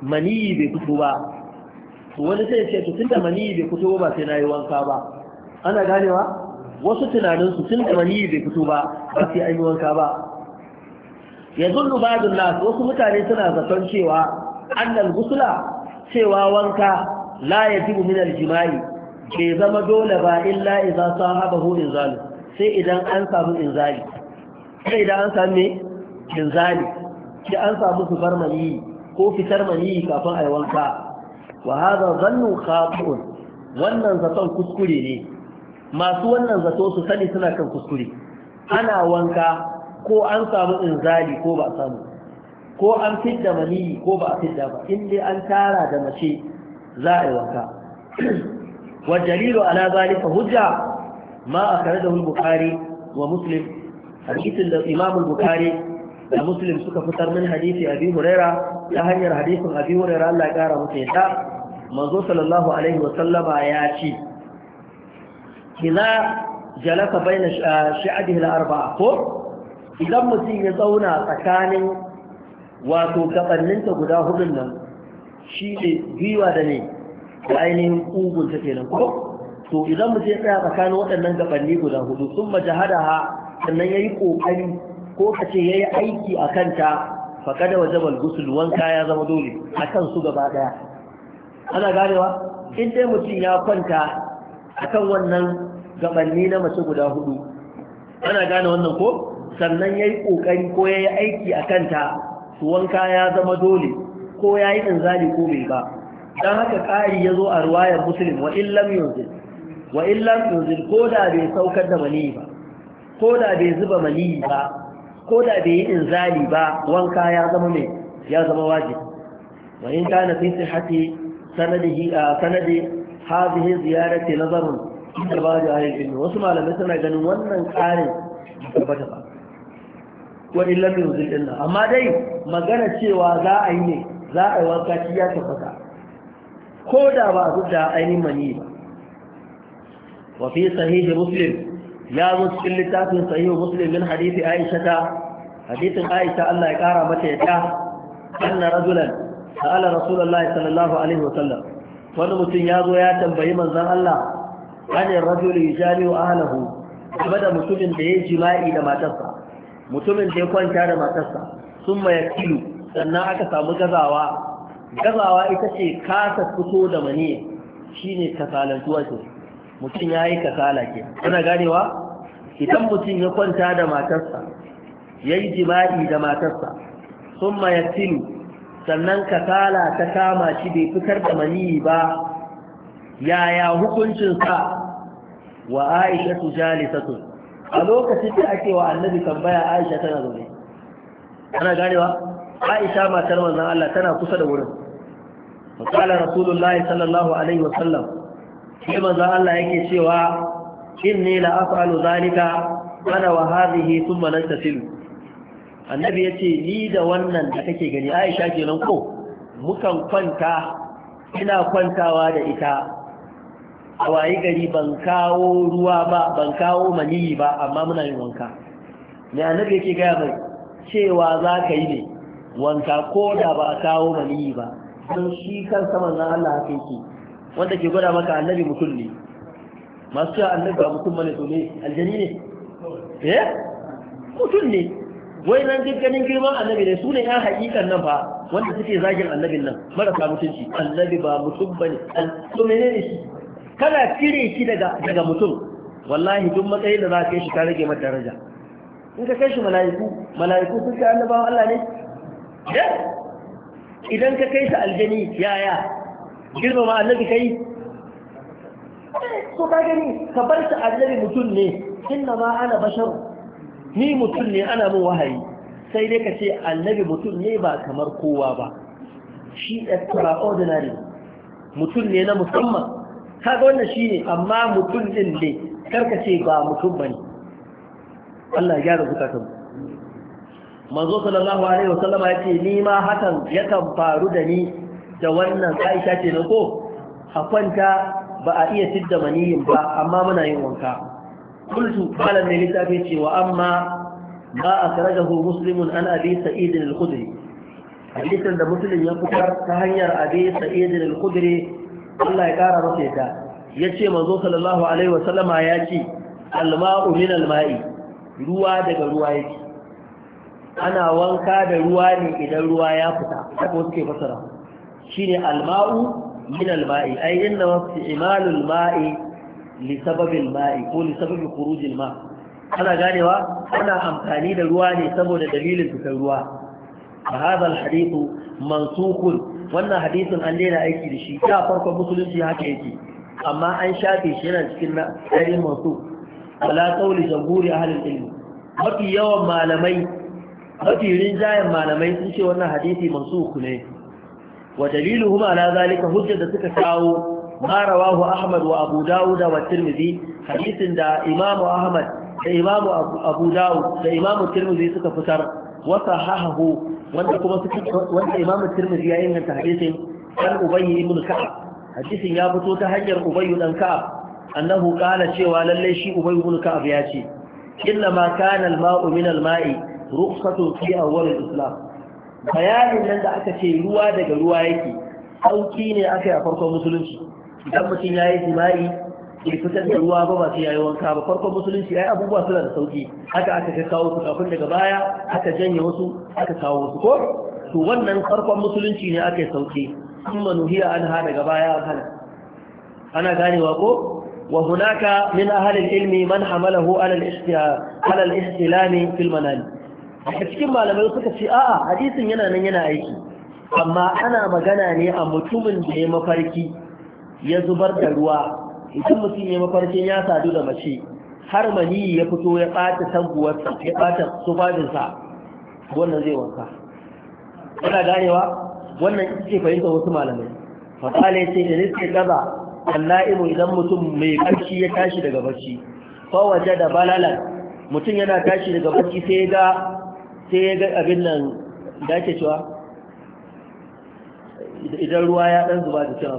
maniyi bai fito ba to wani sai ce to tunda maniyi bai fito ba sai na yi wanka ba ana ganewa wasu tunaninsu tunda maniyi bai fito ba ba sai an yi wanka ba ya zullu ba'dun nas wasu mutane suna zaton cewa annal gusula cewa wanka la yajibu min al-jima'i bai zama dole ba illa idza sahabahu inzalu sai idan an samu inzali sai idan an samu inzali sai an samu zubar maniyi ko fitar maniyi kafin ai wanka wa hadha dhannu khati'un wannan zaton kuskure ne masu wannan zato su sani suna kan kuskure ana wanka ko an samu inzali ko ba samu ko an fidda maniyi ko ba a fidda ba in dai an tara da mace za a yi wanka <clears throat> wa dalilu ala zalika hujja ma da al-bukhari wa muslim hadithin da imam al-bukhari da muslim suka fitar min hadisi abi huraira ta hanyar hadisin abi huraira Allah ya kara yadda manzo sallallahu alaihi wa sallama ya ce kina jalaka baina shi'adihi ah, al-arba'a ko idan mutum ya zauna tsakanin wato gabaninta guda hudun nan shi ne biwa da ne da ainihin ƙugunta kenan ko to idan mutum ya tsaya tsakanin waɗannan gabanni guda hudu sun majahada ha sannan ya yi ƙoƙari ko ka ce ya yi aiki a kanta faƙa da waje balgusul wanka ya zama dole a kan su gaba ɗaya ana ganewa in dai mutum ya kwanta a kan wannan gabanni na mace guda hudu ana gane wannan ko sannan ya yi ƙoƙari ko ya yi aiki a kanta su wanka ya zama dole ko ya yi ɗanzali ko bai ba don haka ƙari ya zo a ruwayar musulun wa illam yunzil wa illam yunzil ko da bai saukar da maniyi ba ko da bai zuba maniyi ba ko da bai yi ɗanzali ba wanka ya zama mai ya zama wajib wa in kana fi sihhati sanadihi sanadi hadhihi ziyarati nazarun inda ba da ahlul ilmi wasu malamai suna ganin wannan ƙarin tabbata ba wa illam yuzil illa amma dai magana cewa za a yi ne za a yi wanka shi ya tabbata ko da ba su da ainihin mani ba wa fi sahihi muslim ya zo cikin littafin sahihi muslim min hadisi aisha ta hadisin aisha Allah ya kara mata ya ta anna rajulan sa'ala rasulullahi sallallahu alaihi wa sallam wani mutum ya zo ya tambayi manzon Allah anin rajuli yujami'u ahlahu game da mutumin da ya jima'i da matarsa mutumin da ya kwanta da matarsa sun maya kilu sannan aka samu gazawa gazawa ita ce kasa fito da mani shi ne kasalantuwa ce mutum ya yi kasala ke suna ganewa idan mutum ya kwanta da matarsa ya yi jima'i da matarsa sun maya kilu sannan kasala ta kama shi bai fitar da mani ba yaya hukuncinsa wa aisha su jalisatun a lokacin da ake wa annabi tambaya aisha tana zaune ana ganewa aisha matar manzon Allah tana kusa da wurin fakala rasulullahi sallallahu alaihi wasallam sai manzon Allah yake cewa inni la af'alu zalika ana wa hadhihi thumma nastasilu annabi yace ni da wannan da kake gani aisha kenan ko mukan kwanta ina kwantawa da ita a waye gari ban kawo ruwa ba ban kawo maniyi ba amma muna yin wanka ne annabi yake gaya mai cewa za ka yi ne wanka ko da ba a kawo maniyi ba don shi kan saman na Allah haka yake wanda ke gwada maka annabi mutum ne masu cewa annabi ba mutum bane to ne aljani ne eh mutum ne wai nan duk ganin girman annabi ne su ne yan hakikan nan fa wanda suke zagin annabin nan marasa mutunci annabi ba mutum bane to menene shi kana cire shi daga mutum wallahi duk matsayin da za ka yi shi ta rage mata daraja in ka kai shi mala'iku mala'iku sun ka annabawan Allah ne eh? idan ka kai shi aljani yaya girmama annabi kai ko eh, ka gani ka bar shi annabi mutum ne inna ma ana bashar ni mutum ne ana min wahayi sai dai ka ce annabi mutum ne ba kamar kowa ba shi extraordinary mutum ne na musamman kaga wannan shine amma mutum din ne karka ce ba mutum bane Allah ya gyara zukatan manzo sallallahu alaihi wasallam ya ce ni ma hakan yakan faru da ni da wannan Aisha ce na ko a kwanta ba a iya tidda maniyin ba amma muna yin wanka kultu malam ne cewa, ce wa amma a karajahu muslimun an abi sa'id al-khudri hadisin da muslim ya fitar ta hanyar abi sa'id al-khudri Allah ya kara masa yadda ce manzo sallallahu alaihi wasallama ya ce alma'u min alma'i ruwa daga ruwa yake ana wanka da ruwa ne idan ruwa ya fita haka suke fasara ne alma'u min alma'i ai inna imalul ma'i li sababin ma'i ko li sababin kurujin ma ana ganewa ana amfani da ruwa ne saboda dalilin fitar ruwa a hadha hadithu mansukun wannan hadisin an daina aiki da shi ta farkon musulunci haka yake amma an shafe shi yana cikin na ɗari masu ala kauli jamhuri a halin ilmi mafi yawan malamai mafi rinjayen malamai sun ce wannan hadisi masu ne wa dalilu huma ala zalika hujjar da suka kawo marawahu ahmad wa abu dawud wa tirmidhi hadisin da imamu ahmad da imamu abu dawud da imamu tirmidhi suka fitar wa sahahu wanda kuma suka wanda Imam Tirmidhi ya inganta hadisin Dan Ubayy ibn Ka'ab hadisin ya fito ta hanyar Ubayy dan Ka'ab annahu qala cewa lalle shi Ubayy ibn Ka'ab ya ce illa ma kana al-ma'u min al-ma'i rukhsatu fi awwal al-islam bayanin nan da aka ce ruwa daga ruwa yake sauki ne aka yi a farkon musulunci idan mutum ya yi jima'i bai fitar da ruwa ba ba sai yayi wanka ba farkon musulunci ai abubuwa suna da sauki haka aka kawo su kafin daga baya aka janye wasu aka kawo wasu ko to wannan farkon musulunci ne aka yi sauki kuma nuhiya an ha daga baya an ana ganewa ko wa hunaka min ahli ilmi man hamalahu ala al-ihtiyar ala al-ihtilam fil manam cikin malamai suka ce a'a hadisin yana nan yana aiki amma ana magana ne a mutumin da ya mafarki ya zubar da ruwa idan mutum ya mafarkin ya sadu da mace har mani ya fito ya ɓata tabuwarsa ya ɓata tufafinsa wannan zai wanka yana ganewa wannan ce fahimta wasu malamai fasale ce da nake gaza annaimu idan mutum mai ƙarshi ya tashi daga bacci fawaje da balalan mutum yana tashi daga barci, sai ga sai ya ga abin nan da ake cewa idan ruwa ya ɗan zuba da cewa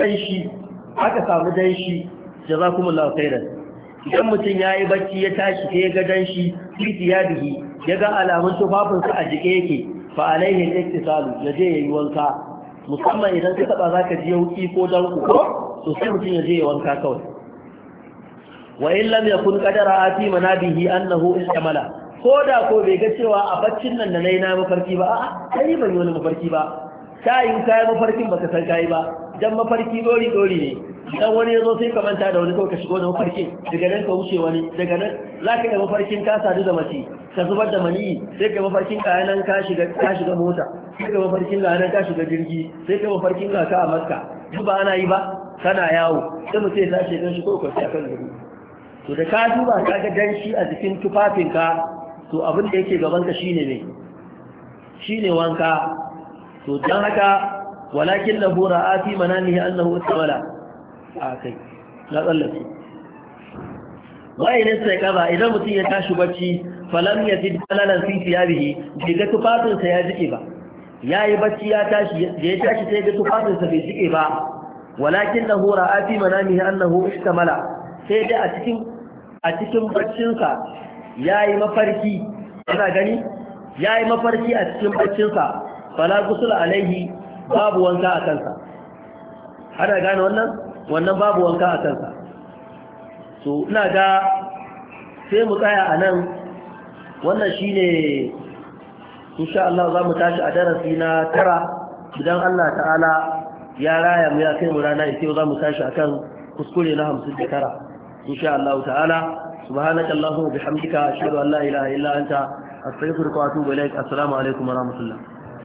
danshi aka samu danshi jazakumullahu khairan idan mutum ya yi bacci ya tashi sai ya ga danshi titi ya bihi ya ga alamun tufafinsa a jike yake fa alaihi iktisalu ya je ya yi wanka musamman idan ka taba zaka ji yauki ko dan ko to sai mutum ya je ya wanka kawai wa in lam yakun qadara ati manabihi annahu istamala ko da ko bai ga cewa a baccin nan da nayi na mafarki ba a'a kai ban yi wani mafarki ba kayin kayan mafarkin baka san kai ba dan mafarki dori dori ne idan wani ya zo sai ka manta da wani kawai ka shigo da mafarkin daga nan ka wuce wani daga nan za ka yi mafarkin ka sadu da mace ka zubar da maniyi sai ka mafarkin ka nan ka shiga mota sai ka mafarkin ka nan ka shiga jirgi sai ka mafarkin ka a maska. duk ba ana yi ba kana yawo sai mu sai ta ce dan shi ko ka akan gari to da ka duba ka ga danshi a jikin tufafinka to abin da yake gaban ka shine ne shine wanka to dan haka walakin lahu ra'a fi manamihi annahu tawala akai la tsallake wa'in sai kaza idan mutum ya tashi bacci falam yajid balalan fi thiyabihi bai ga tufafinsa ya jike ba yayi bacci ya tashi sai ga tufafinsa bai jike ba walakin lahu ra'a fi manamihi annahu istamala sai dai a cikin a cikin baccinsa mafarki kana gani yayi mafarki a cikin baccinsa fala gusul alaihi babu wanka a kansa ana gane wannan wannan babu wanka a kansa so ina ga sai mu tsaya a nan wannan shi ne insha Allah za mu tashi a darasi na tara idan Allah ta'ala ya raya mu ya kai mu rana ita za mu tashi akan kuskure na hamsin da tara insha Allah ta'ala subhanaka Allahumma bihamdika ashhadu an la ilaha illa anta astaghfiruka wa atubu ilaik assalamu alaikum wa rahmatullah